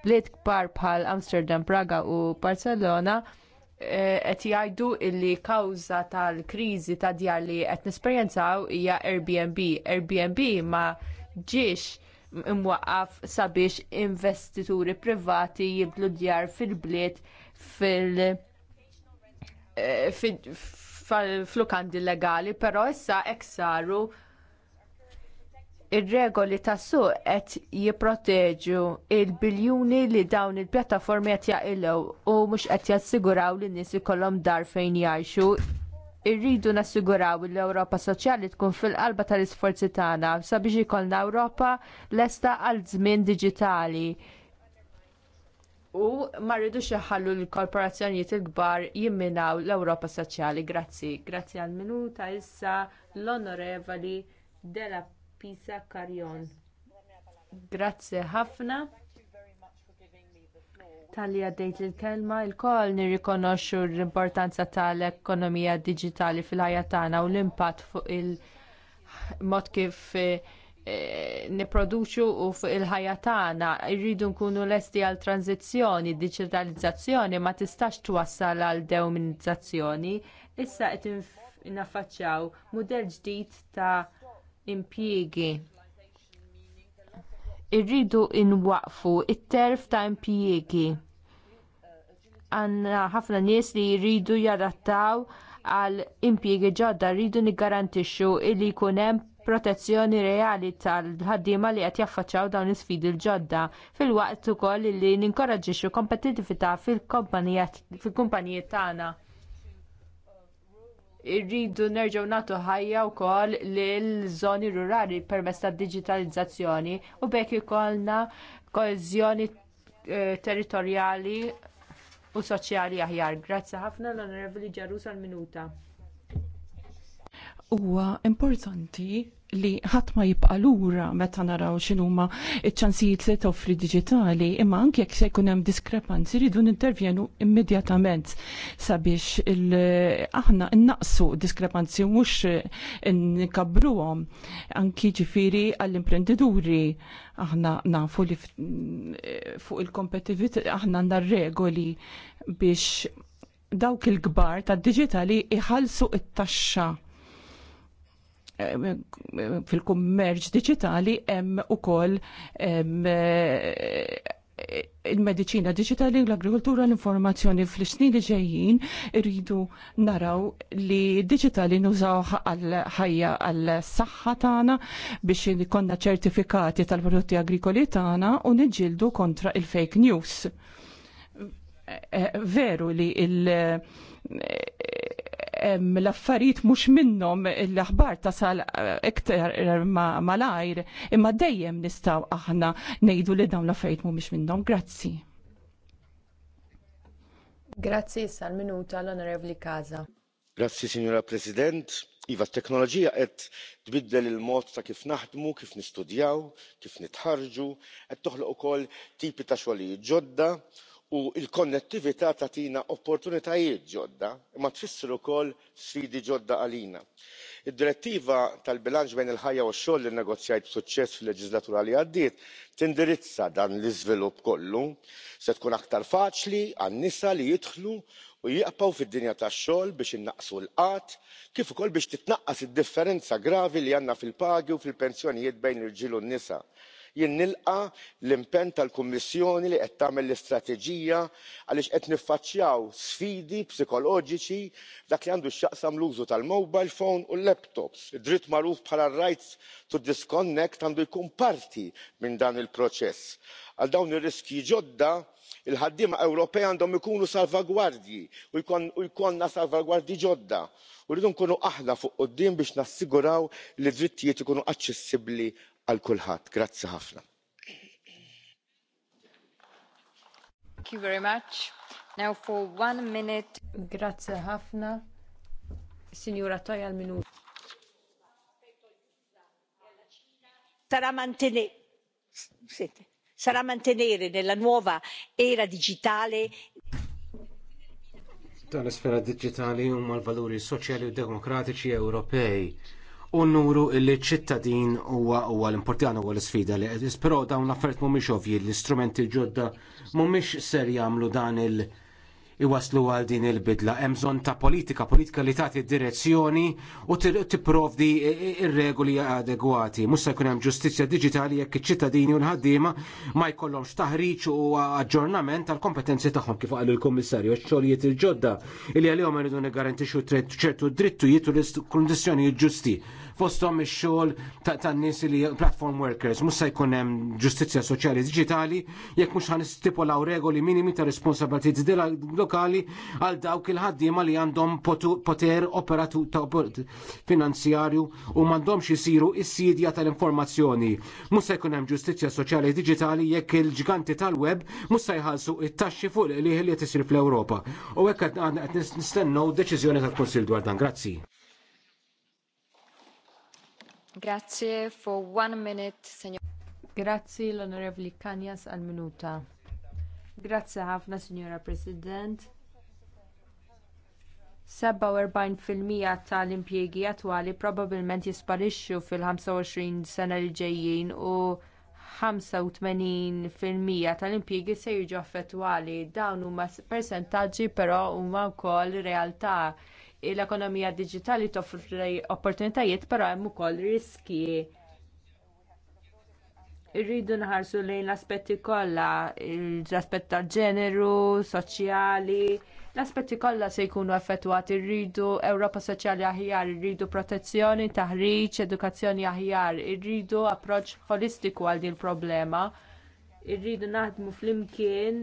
bliet kbar bħal Amsterdam, Praga u Barcelona qed jgħidu illi kawża tal-kriżi ta' djar li qed nesperjenzaw hija Airbnb. Airbnb ma ġiex imwaqqaf sabiex investituri privati jibdlu djar fil-bliet fil flukandi legali, però issa hekk saru ir-regoli tas-suq qed jipproteġu il-biljuni li dawn il-pjattaformi qed jaqilgħu u mhux qed jassiguraw li n-nies ikollhom dar fejn jgħixu. Irridu nassiguraw li l-Ewropa Soċjali tkun fil-qalba tal-isforzi tagħna sabiex ikollna Ewropa lesta għal żmien diġitali. U ma rridux jaħallu l-korporazzjonijiet il-kbar jimminaw l-Ewropa Soċjali. Grazzi. Grazzi għal minuta issa l-onorevoli della Pisa Karjon. Grazzi ħafna tal-li għaddejt kelma il-koll nirrikonoxxu l-importanza tal-ekonomija digitali fil-ħajja tagħna u l-impatt fuq il-mod kif eh, niproduċu u fuq il-ħajja tagħna irridu nkunu lesti għal tranzizzjoni, digitalizzazzjoni ma tistax twassal għal dewminizzazzjoni. Issa qed naffaċċjaw mudell ġdid ta' impjiegi. Irridu inwaqfu it-terf ta' impjiegi. Għanna ħafna nies li jridu jarattaw għal impjiegi ġodda rridu niggarantixxu li jkun hemm protezzjoni reali tal-ħaddiema li qed jaffaċċaw dawn is-sfidi l-ġodda fil-waqt ukoll li ninkoraġġixxu kompetitività fil-kumpaniji tagħna irridu nerġgħu nagħtu ħajja wkoll lil żoni rurali permezz tad digitalizzazzjoni u bekk ikollna koezjoni eh, territorjali u soċjali aħjar. Grazzi ħafna l-Onorevoli Ġarus l minuta huwa importanti li ħadd ma jibqa' lura meta naraw x'inhuma ċ-ċansijiet li toffri diġitali, imma anke jekk se jkun hemm diskrepanzi jridu nintervjenu immedjatament sabiex aħna innaqsu diskrepanzi mhux nkabruhom anki ġifieri għall-imprendituri aħna nafu li fuq il kompetivit aħna għandna regoli biex dawk il-kbar tad-diġitali iħallsu it-taxxa fil-kummerġ digitali hemm ukoll eh, il-medicina digitali u l-agrikoltura l-informazzjoni fl-snin li ġejjin irridu naraw li digitali nużaw għal-ħajja għal-saxħa tagħna biex ikonna ċertifikati tal-prodotti agrikoli tagħna u niġġieldu kontra il-fake news. Eh, eh, veru li il- l-affarijiet mhux minnhom l-aħbar tasal eh, iktar eh, malajr, imma dejjem nistgħu aħna ngħidu li dawn l-affarijiet mhumiex minnhom. Grazzi. Grazzi sal-minuta l-Onorevli Kaza. Grazzi, Signora President. Iva, t-teknoloġija qed tbiddel il-mod ta' kif naħdmu, kif nistudjaw, kif nitħarġu, qed toħloq ukoll tipi ta' xogħlijiet ġodda u l konnettività tagħtina opportunitajiet ġodda imma tfisser ukoll sfidi ġodda għalina. id-direttiva tal bilanċ bejn il ħajja u x-xogħol li negozjajt b'suċċess fil-leġislatura li għaddiet tindirizza dan l-iżvilupp kollu se tkun aktar faċli għan-nisa li jidħlu u jaqbgħu fid-dinja tax-xogħol biex innaqsu l qatt kif ukoll biex titnaqqas id differenza gravi li għandna fil pagi u fil pensjonijiet bejn ir irġiel u n nisa jien nilqa l-impenn tal kummissjoni li qed tagħmel l-istrateġija għaliex qed niffaċċjaw sfidi psikoloġiċi dak li għandu x'jaqsam l-użu tal mobile phone u l-laptops. id-dritt magħruf bħala r-rights to disconnect għandu jkun parti minn dan il-proċess. għal dawn ir-riskji ġodda il ħaddiema Ewropea għandhom ikunu salvagwardji u jkollna salvagwardji ġodda u rridu nkunu aħna fuq quddiem biex nassiguraw li d-drittijiet ikunu aċċessibbli għal kulħadd. Grazzi ħafna. Grazzi ħafna. Signora Toja l-minut. Sarà mantenere, sarà mantenere nella nuova era digitale tal sfera digitali huma l-valuri soċjali u demokratiċi Ewropej u nuru li ċittadin huwa huwa l-importanti huwa l-sfida li qed però dawn affarijiet mhumiex ovvji l-istrumenti ġodda mhumiex ser jagħmlu dan il- iwaslu għal din il-bidla. Hemm bżonn ta' politika, politika li tagħti direzzjoni u tipprovdi il regoli adegwati. Musa se jkun hemm ġustizzja jekk iċ-ċittadini u l-ħaddiema ma jkollhomx taħriġ u aġġornament tal-kompetenzi tagħhom kif qal il-Kummissarju x-xogħlijiet il-ġodda li għalihom iridu niggarantixxu ċertu drittu u l-kundizzjonijiet ġusti fosthom ix-xogħol tan-nies li platform workers. Mhux se jkun hemm ġustizzja soċjali diġitali jekk mhux ħan stipulaw regoli minimi ta' responsabilitajiet lokali għal dawk il-ħaddiema li għandhom poter operatu finanzjarju u m'għandhomx isiru is-sidja tal-informazzjoni. Mhux se jkun hemm ġustizzja soċjali diġitali jekk il ġiganti tal-web mhux se jħallsu it-taxxi fuq li li tisir fl-Ewropa. U hekk qed nistennew deċiżjoni tal-Kunsill dwar dan. Grazzi. Grazie for one minute, signor. Grazzi l-Onorevoli Kanjas għal minuta. Grazzi ħafna, Signora President. 47% tal-impjiegi attwali probabbilment jisparixxu fil-25 sena li ġejjin u 85% tal-impjiegi se jiġu affettwali. Dawn huma persentaġġi però huma wkoll realtà l-ekonomija digitali toffri opportunitajiet però hemm ukoll riski. Irridu nħarsu lejn l-aspetti kollha, l-aspett ta' ġeneru, soċjali, l-aspetti kollha se jkunu effettwati rridu Ewropa Soċjali aħjar, irridu protezzjoni, taħriġ, edukazzjoni aħjar, irridu approċċ holistiku għal din il-problema irridu naħdmu flimkien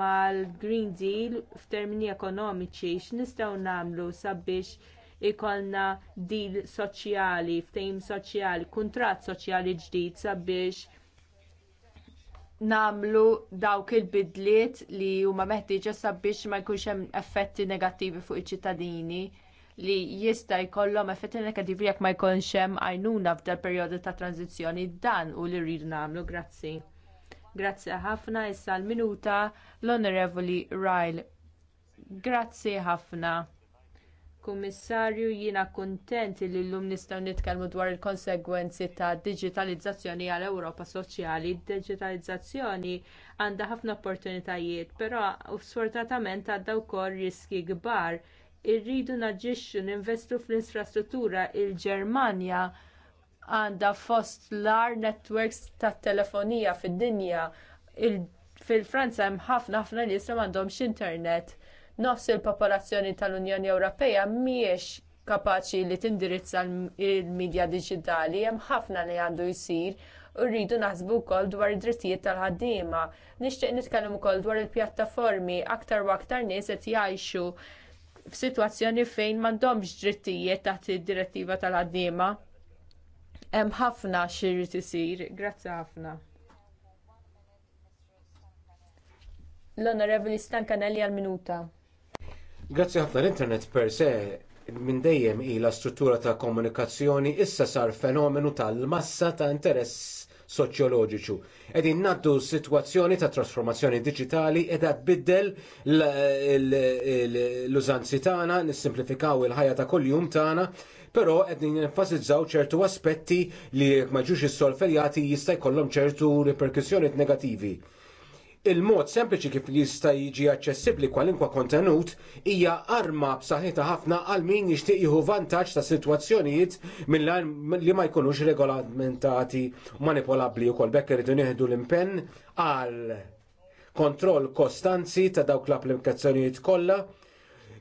mal-Green Deal f'termini ekonomiċi x'nistgħu nagħmlu sabiex ikollna deal soċjali, ftehim soċjali, kuntratt soċjali ġdid sabiex nagħmlu dawk il-bidliet li huma meħtieġa sabiex ma jkunx hemm effetti negattivi fuq iċ-ċittadini li jista' jkollhom effetti negattivi jekk ma jkunx hemm għajnuna f'dal perjodu ta' tranzizzjoni dan u li rridu nagħmlu. Grazzi. Grazzi ħafna issa l-minuta l-Onorevoli Ryle. Grazzi ħafna. Kummissarju, jiena kuntent li llum nistgħu nitkellmu dwar il-konsegwenzi ta' digitalizzazzjoni għal Ewropa Soċjali. Digitalizzazzjoni għandha ħafna opportunitajiet, però sfortunatament għadha wkoll riski kbar. Irridu naġixxu ninvestu fl-infrastruttura il-Ġermanja il ġermanja għandha fost l-ar networks ta' telefonija fid-dinja. Fil-Franza hemm ħafna ħafna nies li m'għandhomx internet. Nofs il-popolazzjoni tal-Unjoni Ewropea mhijiex kapaċi li tindirizza l-medja diġitali hemm ħafna li għandu jsir u rridu naħsbu wkoll dwar id-drittijiet tal-ħaddiema. Nixtieq nitkellem ukoll dwar il-pjattaformi aktar u aktar nies qed jgħixu f'sitwazzjoni fejn m'għandhomx drittijiet taħt id-direttiva tal-ħaddiema hemm ħafna xirrid isir. Grazzi ħafna. L-Onorevoli Stanka Nelli għal-minuta. Grazzi ħafna l-internet per se minn dejjem ila struttura ta' komunikazzjoni issa sar fenomenu tal-massa ta' interess soċjoloġiċu. Qegħdin naddu sitwazzjoni ta' trasformazzjoni diġitali qiegħda tbiddel l-użanzi tagħna, nissimplifikaw il-ħajja ta' kuljum tagħna, però qegħdin jenfasizzaw ċertu aspetti li ma ġux is-solferjati jista' jkollhom ċertu riperkussjonijiet negattivi Il-mod sempliċi kif jista' jiġi aċċessibbli kwalinkwa kontenut hija arma b'saħħitha ħafna għal min jixtieq jieħu vantaġġ ta' sitwazzjonijiet minn li ma jkunux regolamentati manipolabbli wkoll bekk irridu nieħdu l-impenn għal kontroll kostanzi ta' dawk l-applikazzjonijiet kollha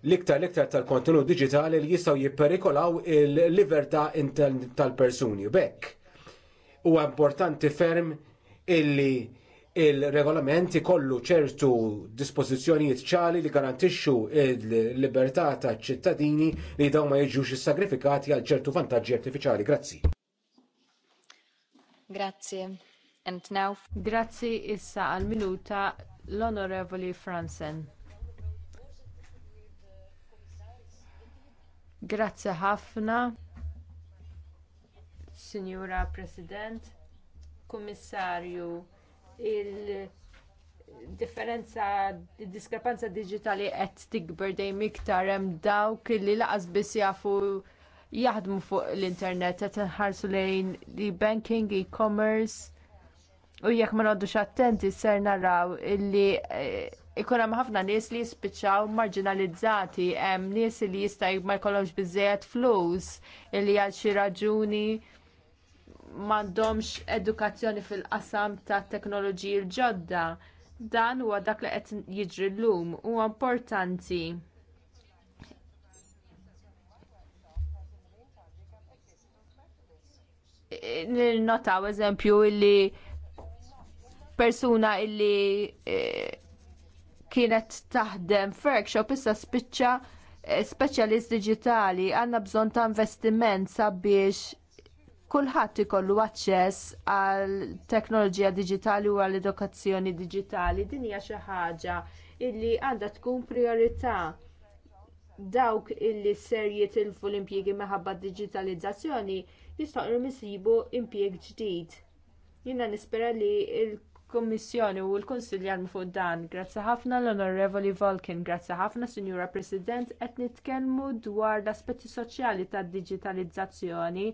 l-iktar l-iktar tal-kontenut diġitali li jistgħu jipperikolaw il-libertà tal-persuni. Bekk huwa importanti ferm illi il regolamenti kollu ċertu dispożizzjonijiet ċali li garantixxu il-libertà taċ ċittadini li dawn ma jiġux sagrifikati għal ċertu vantaġġi artifiċjali. Grazzi. Grazzi. And now... Grazzi issa għal minuta l-Onorevoli Fransen. Grazzi ħafna, Signora President, Kummissarju, il- differenza, diskrepanza digitali qed tikber dejjem iktar hemm dawk li laqas biss jafu jaħdmu fuq l-internet qed inħarsu lejn li banking, e-commerce u jekk ma nodux attenti ser naraw illi eh, ikun hemm ħafna nies li jispiċċaw marginalizzati, hemm nies li jista' ma jkollhomx biżejjed flus illi għal xi raġuni m'għandhomx edukazzjoni fil-qasam ta' teknoloġiji l-ġodda. Dan huwa dak li qed jiġri llum huwa importanti. Nirnotaw eżempju illi persuna illi e, kienet taħdem workshop issa spiċċa e, speċjalist digitali għandna bżonn ta' investiment sabiex kulħadd ikollu aċċess għal teknoloġija diġitali u għall edukazzjoni diġitali. Din hija xi ħaġa illi għandha tkun priorità dawk illi ser jitilfu l-impjiegi minħabba d digitalizzazzjoni jistaqru misibu impjieg ġdid. Jiena nispera li l kummissjoni u l-Kunsilli għal fuq dan. Grazzi ħafna l-Onorevoli Volkin, grazzi ħafna Sinjura President, qed nitkellmu dwar l-aspetti soċjali tad-diġitalizzazzjoni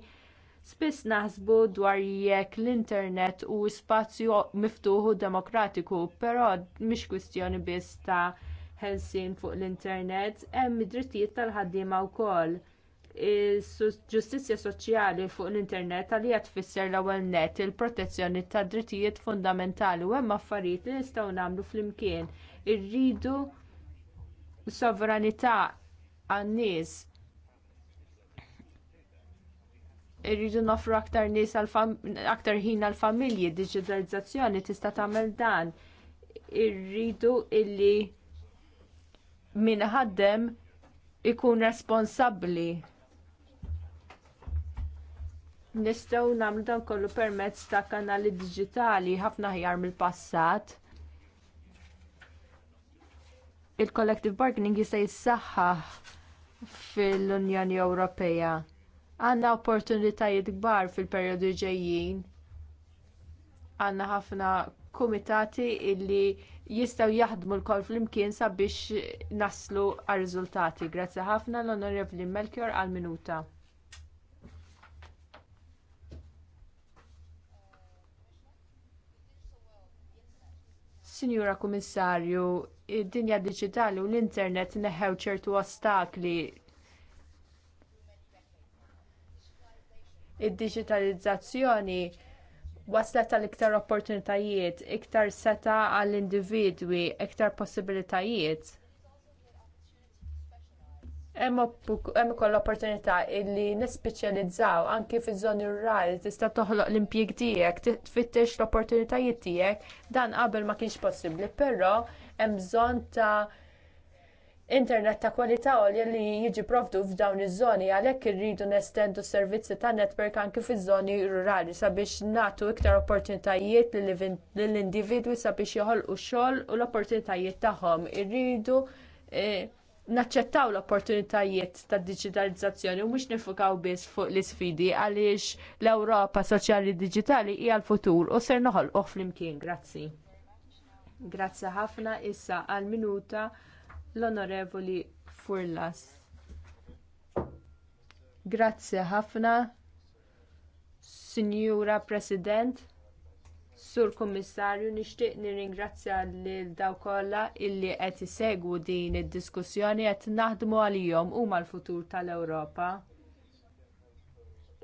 Spiss naħsbu dwar jekk l-internet u spazju miftuħ demokratiku, però mhix kwistjoni biss ta' ħelsien fuq l-internet, hemm id-drittijiet tal-ħaddiema wkoll. Ġustizzja soċjali fuq l-internet għalija tfisser l-ewwel nett il-protezzjoni tad drittijiet fundamentali u hemm affarijiet li nistgħu nagħmlu flimkien. Irridu sovranità għan-nies irridu nofru aktar nies aktar ħin għall familji digitalizzazzjoni tista' tagħmel dan. Irridu illi min ħaddem ikun responsabbli. Nistgħu nagħmlu dan kollu permezz ta' kanali diġitali ħafna ħjar mill-passat. Il-collective bargaining jista' jissaħħaħ fil-Unjoni Ewropea. Għandna opportunitajiet kbar fil-perjodu ġejjin. Għandna ħafna kumitati illi jistgħu jaħdmu lkoll flimkien sabiex naslu għar riżultati. Grazzi ħafna l-Onorevli Melchior għall minuta Sinjura Kummissarju, id-dinja diġitali u l-internet neħew ċertu ostakli Id-diġitalizzazzjoni waslet għal iktar opportunitajiet, iktar seta għall individwi iktar possibilitajiet. Hemm ukoll opportunità illi nispeċjalizzaw anke fi żoni rurali tista' toħloq l-impjieg tiegħek, tfittex l-opportunitajiet tiegħek, dan qabel ma kienx possibbli, però hemm bżonn ta' internet ta' kwalità għolja li jiġi provdu f'dawn iż-żoni għalhekk irridu nestendu s servizzi ta' netwerk anki fiż-żoni rurali sabiex nagħtu iktar opportunitajiet lill-individwi sabiex joħolqu xogħol u l-opportunitajiet tagħhom. Irridu e, naċċettaw l-opportunitajiet tad digitalizzazzjoni u mhux nifukaw biss fuq l-isfidi għaliex l-Ewropa Soċjali Digitali hija l-futur u ser noħolqu flimkien. Grazzi. Grazzi ħafna issa għal minuta l-Onorevoli Furlas. Grazzi ħafna, Sinjura President. Sur Kummissarju, nixtieq nirringrazzja lil daw kollha illi qed isegwu din id-diskussjoni qed naħdmu għalihom huma l-futur tal-Ewropa.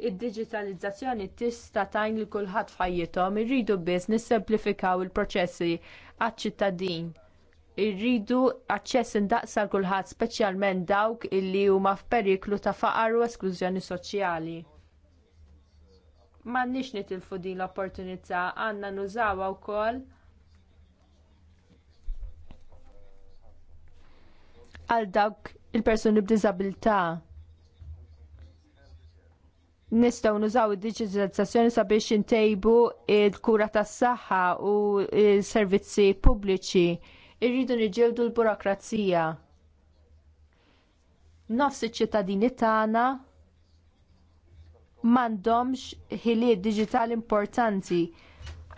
Id-diġitalizzazzjoni tista' tajn li kulħadd f'ħajjithom irridu biss nissemplifikaw il-proċessi għaċ-ċittadin irridu aċċess indaqsa għal kulħadd speċjalment dawk illi huma f'periklu ta' faqar u esklużjoni soċjali. M'għandniex nitilfu din l-opportunità, għandna nużawha wkoll għal dawk il-persuni b'diżabilità nistaw nużaw id-digitalizzazzjoni sabiex intejbu il-kura tas saħħa u s servizzi pubbliċi irridu niġġieldu l-burokrazija. Nofs iċ-ċittadini tagħna m'għandhomx ħiliet diġitali importanti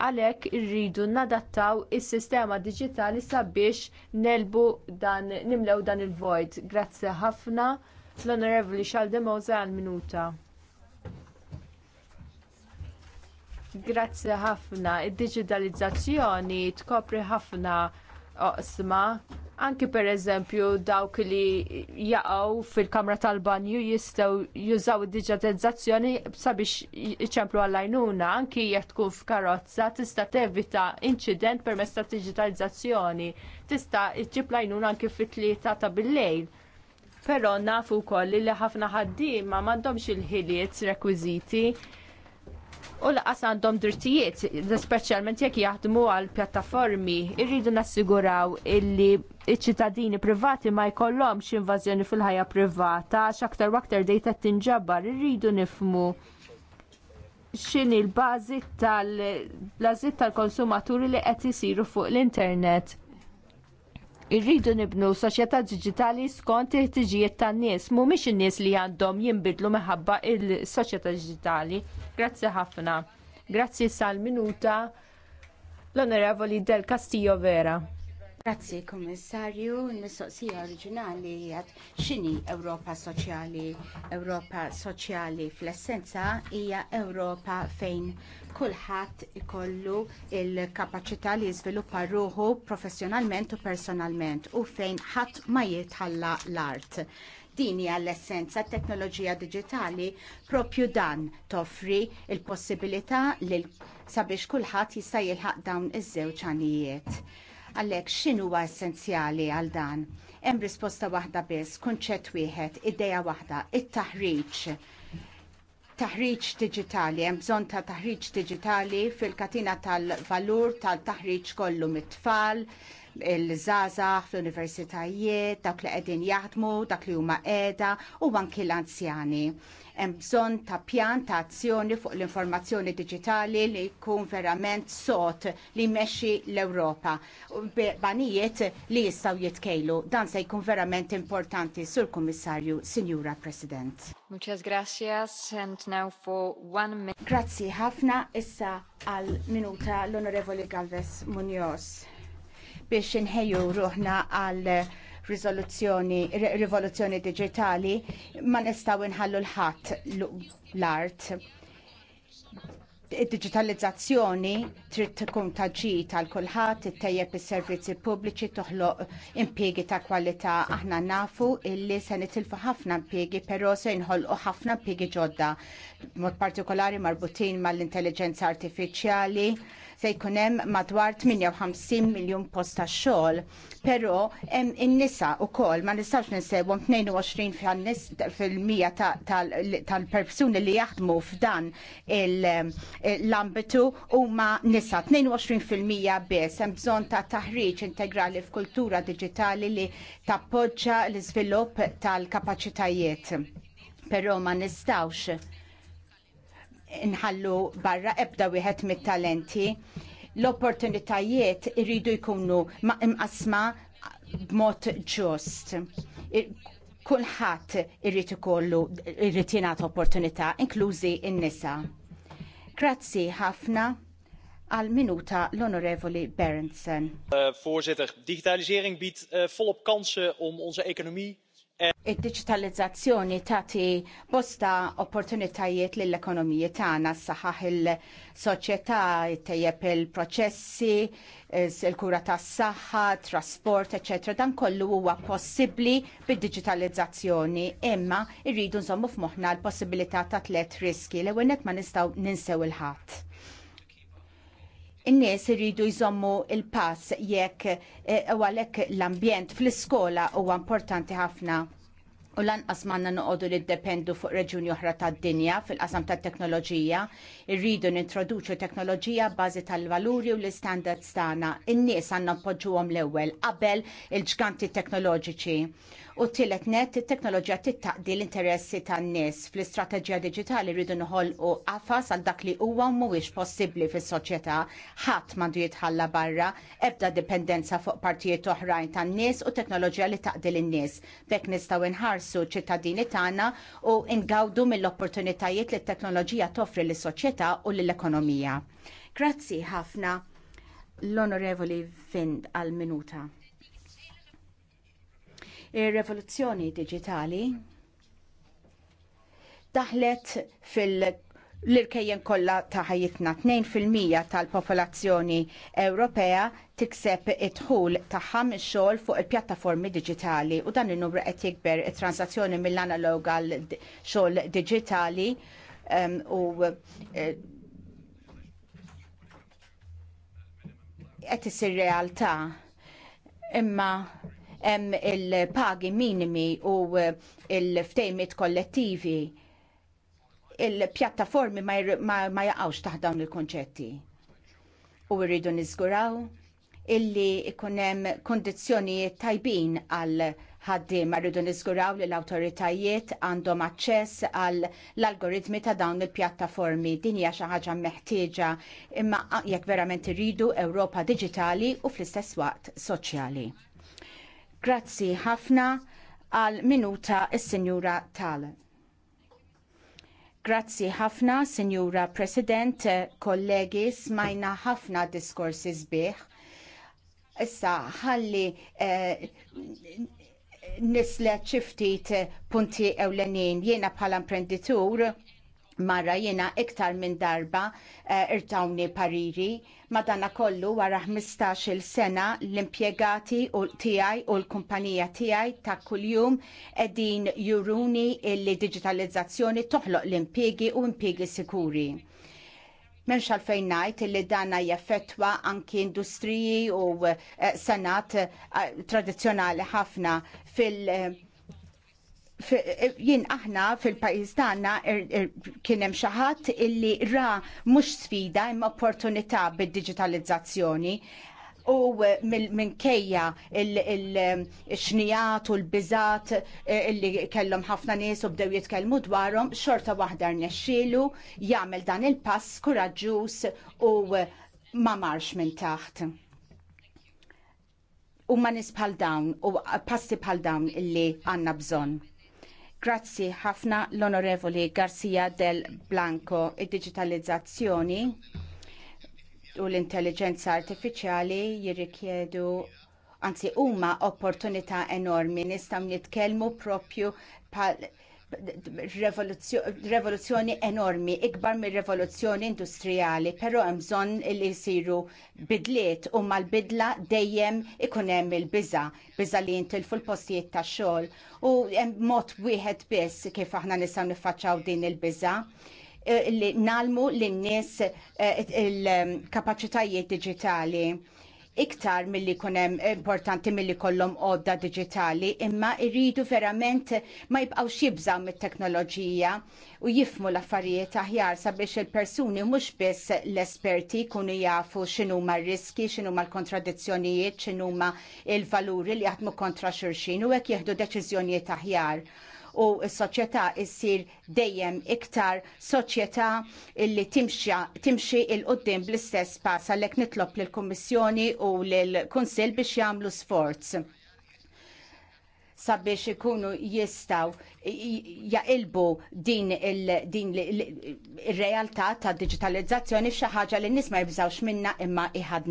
għalhekk irridu nadattaw is-sistema diġitali sabiex nelbu dan nimlew dan il-void. Grazzi ħafna l-Onorevoli Xaldemoza għal minuta. Grazzi ħafna, id-digitalizzazzjoni tkopri ħafna oqsma anki per eżempju dawk li jaqgħu fil-kamra tal-banju jistgħu jużaw id-digitalizzazzjoni sabiex iċemplu għall-għajnuna, anki jekk tkun f'karozza tista' tevita inċident permezz ta' digitalizzazzjoni, tista' iġġib l-għajnuna anki fit-tlieta ta' bil-lejl. Però nafu wkoll li ħafna ħaddiema m'għandhomx il-ħiliet rekwiżiti u laqas għandhom drittijiet, speċjalment jekk jaħdmu għal pjattaformi, irridu nassiguraw illi iċ-ċittadini privati ma jkollhomx invażjoni fil-ħajja privata għax aktar u aktar dejta tinġabar, irridu nifmu x'inhi l-bażi tal-bażi tal-konsumaturi li qed isiru fuq l-internet Irridu nibnu soċjetà digitali skont il-ħtiġijiet tan-nies, mhumiex in-nies li għandhom jinbidlu minħabba il-soċjetà digitali. Grazzi ħafna. Grazzi sal-minuta l-Onorevoli Del Castillo Vera. Grazzi Kommissarju, n mistoqsija oriġinali għad xini Ewropa Soċjali. Ewropa Soċjali fl-essenza hija Ewropa fejn kulħadd ikollu il-kapaċità li jiżviluppa ruħu professjonalment u personalment u fejn ħadd ma jitħalla l-art. Din hija l-essenza t teknoloġija diġitali propju dan toffri il-possibilità li sabiex kulħadd jista' jilħaq dawn iż-żewġ għanijiet Għalhekk x'inhu huwa essenzjali għal dan? Hemm risposta waħda biss, kunċett wieħed, idea waħda, it-taħriġ taħriġ digitali, hemm bżonn ta' taħriġ digitali fil-katina tal-valur tal-taħriġ kollu mit-tfal, il-żazax, fl-universitajiet, dak li qegħdin jaħdmu, dak li huma qiegħda u anki l-anzjani hemm bżonn ta' pjan ta' azzjoni fuq l-informazzjoni diġitali li jkun verament sot li jmexxi l-Ewropa. Banijiet li jistgħu jitkejlu. Dan se jkun verament importanti sur Kummissarju, Signora President. Muchas gracias and now for one minute. Grazzi ħafna issa għal minuta l-Onorevoli Galvez Munoz biex inħeju ruħna għal rivoluzzjoni digitali ma nistgħu nħallu l-ħadd l-art. Id-digitalizzazzjoni trid tkun taġi tal kulħadd ittejjeb is-servizzi pubbliċi toħloq impjiegi ta' kwalità aħna nafu illi se nitilfu ħafna impjiegi però se jinħolqu ħafna impjiegi ġodda mod partikolari marbutin mal-intelligenza artifiċjali se jkun hemm madwar 58 miljun post ta' xogħol. Però hemm in-nisa wkoll ma nistax ninsewhom 22 fil-mija tal-persuni li jaħdmu f'dan l-ambitu huma nisa 22 fil-mija biss hemm bżonn ta' taħriġ integrali f'kultura diġitali li tappoġġa l-iżvilupp tal-kapaċitajiet. Però ma nistawx nħallu barra ebda wieħed mit-talenti. L-opportunitajiet irridu jkunu imqasma b'mod ġust. Kulħadd irrid ikollu irrid jingħat opportunità, inklużi n-nisa. Grazzi ħafna għal minuta l-Onorevoli Berenson. Uh, voorzitter, digitalisering biedt uh, volop kansen om onze economie Id-digitalizzazzjoni tagħti bosta opportunitajiet lill ekonomiji tagħna saħaħ il-soċjetà tejjeb il-proċessi, il-kura tas-saħħa, trasport, eċetera. Dan kollu huwa possibbli bid-digitalizzazzjoni, imma rridu nżommu f'moħħna l-possibilità ta' tliet riski li ewwel ma nistgħu ninsew il-ħadd in-nies iridu jżommu il-pass jekk eh, u għalhekk l-ambjent fl-iskola huwa importanti ħafna. U lanqas manna noqogħdu li ddependu fuq reġuni oħra tad-dinja fil-qasam tat-teknoloġija, irridu nintroduċu teknoloġija bażi tal-valuri u l-istandards tagħna. In-nies għandna npoġġuhom l-ewwel qabel il-ġganti teknoloġiċi. U tillet net, it-teknoloġija tittaqdi l-interessi tan-nies fl-istrateġija diġitali rridu u għafas għal dak li huwa mhuwiex possibbli fis-soċjetà. Ħadd m'għandu jitħalla barra, ebda dipendenza fuq partijiet oħrajn tan-nies u teknoloġija li taqdi lin-nies. Bek nistgħu nħarsu ċittadini tagħna u ngawdu mill-opportunitajiet li t-teknoloġija toffri lis-soċjetà u lill-ekonomija. Grazzi ħafna l-Onorevoli Vind għal-minuta. Ir-revoluzzjoni digitali daħlet fil- l-irkejjen kollha ta' ħajjitna 2% tal-popolazzjoni Ewropea tikseb id-dħul tagħha mix-xogħol fuq il-pjattaformi diġitali u dan in-numru qed jikber it-transazzjoni mill-analog għal xogħol diġitali um, u eh, qed uh, isir realtà imma hemm il-pagi minimi u il-ftejmit kollettivi il-pjattaformi ma jaqgħux taħt dawn il-konċetti. U rridu niżguraw illi ikun hemm kondizzjonijiet tajbin għal ma rridu niżguraw li l-awtoritajiet għandhom aċċess għal l-algoritmi ta' dawn il-pjattaformi. Din hija xi ħaġa meħtieġa imma jekk verament irridu Ewropa diġitali u fl-istess waqt soċjali. Grazzi ħafna għal minuta is-Sinjura Tal. Grazzi ħafna, Sinjura President, kollegi, smajna ħafna diskorsi sbieħ. Issa, ħalli eh, nislet xiftit punti ewlenin jiena bħala imprenditur marra jena iktar minn darba uh, irtawni pariri madana kollu wara 15 sena l-impiegati tiegħi u l-kumpanija tiegħi ta' kuljum qegħdin juruni illi digitalizzazzjoni toħloq l-impiegi u impiegi sikuri. Menx għalfejn ngħid li dana jaffettwa anki industriji u eh, senat eh, tradizzjonali ħafna fil- jien aħna fil-pajis tagħna er- er- kien hemm xi ħadd illi ra mhux sfida imma opportunità bid-diġitalizzazzjoni u eh, minkejja il-xnijat eh, u l-bizat eh, illi kellhom ħafna nies u bdew jitkellmu dwarhom xorta waħda rnexxielu jagħmel dan il-pass kuraġġuż u ma marx minn taħt u ma nis pal dawn u passi pal dawn illi għanna bżon. Grazzi ħafna l-Onorevoli Garcia del Blanco, id-digitalizzazzjoni u l-intelligenza artifiċjali jirrikjedu anzi huma opportunità enormi nistgħu nitkellmu propju pal revoluzzjoni enormi, ikbar mir revoluzzjoni industrijali, però hemm bżonn li jsiru bidliet u mal-bidla dejjem ikun hemm il-biża, biża li jintilfu l-postijiet tax xogħol u hemm mod wieħed biss kif aħna nistgħu niffaċċaw din il-biża eh, li nalmu lin nies eh, il-kapaċitajiet mm, diġitali iktar milli kunem importanti milli kollom odda digitali imma irridu verament ma jibqaw xibżaw mit-teknoloġija u jifmu l-affarijiet aħjar sabiex il-persuni mhux biss l-esperti jkunu jafu xinu ma riski, xinu ma l-kontradizzjonijiet, xinu ma l-valuri li jaħdmu kontra xurxin u hekk jieħdu deċiżjonijiet aħjar u s-soċjetà issir dejjem iktar soċjetà illi timxi il qoddim bl-istess pass għalhekk nitlob lill-Kummissjoni u lill-Kunsill biex jagħmlu sforz sabiex ikunu jistaw jaqilbu din il-realtà ta' digitalizzazzjoni xi ħaġa li nisma jibżawx minna imma iħadna.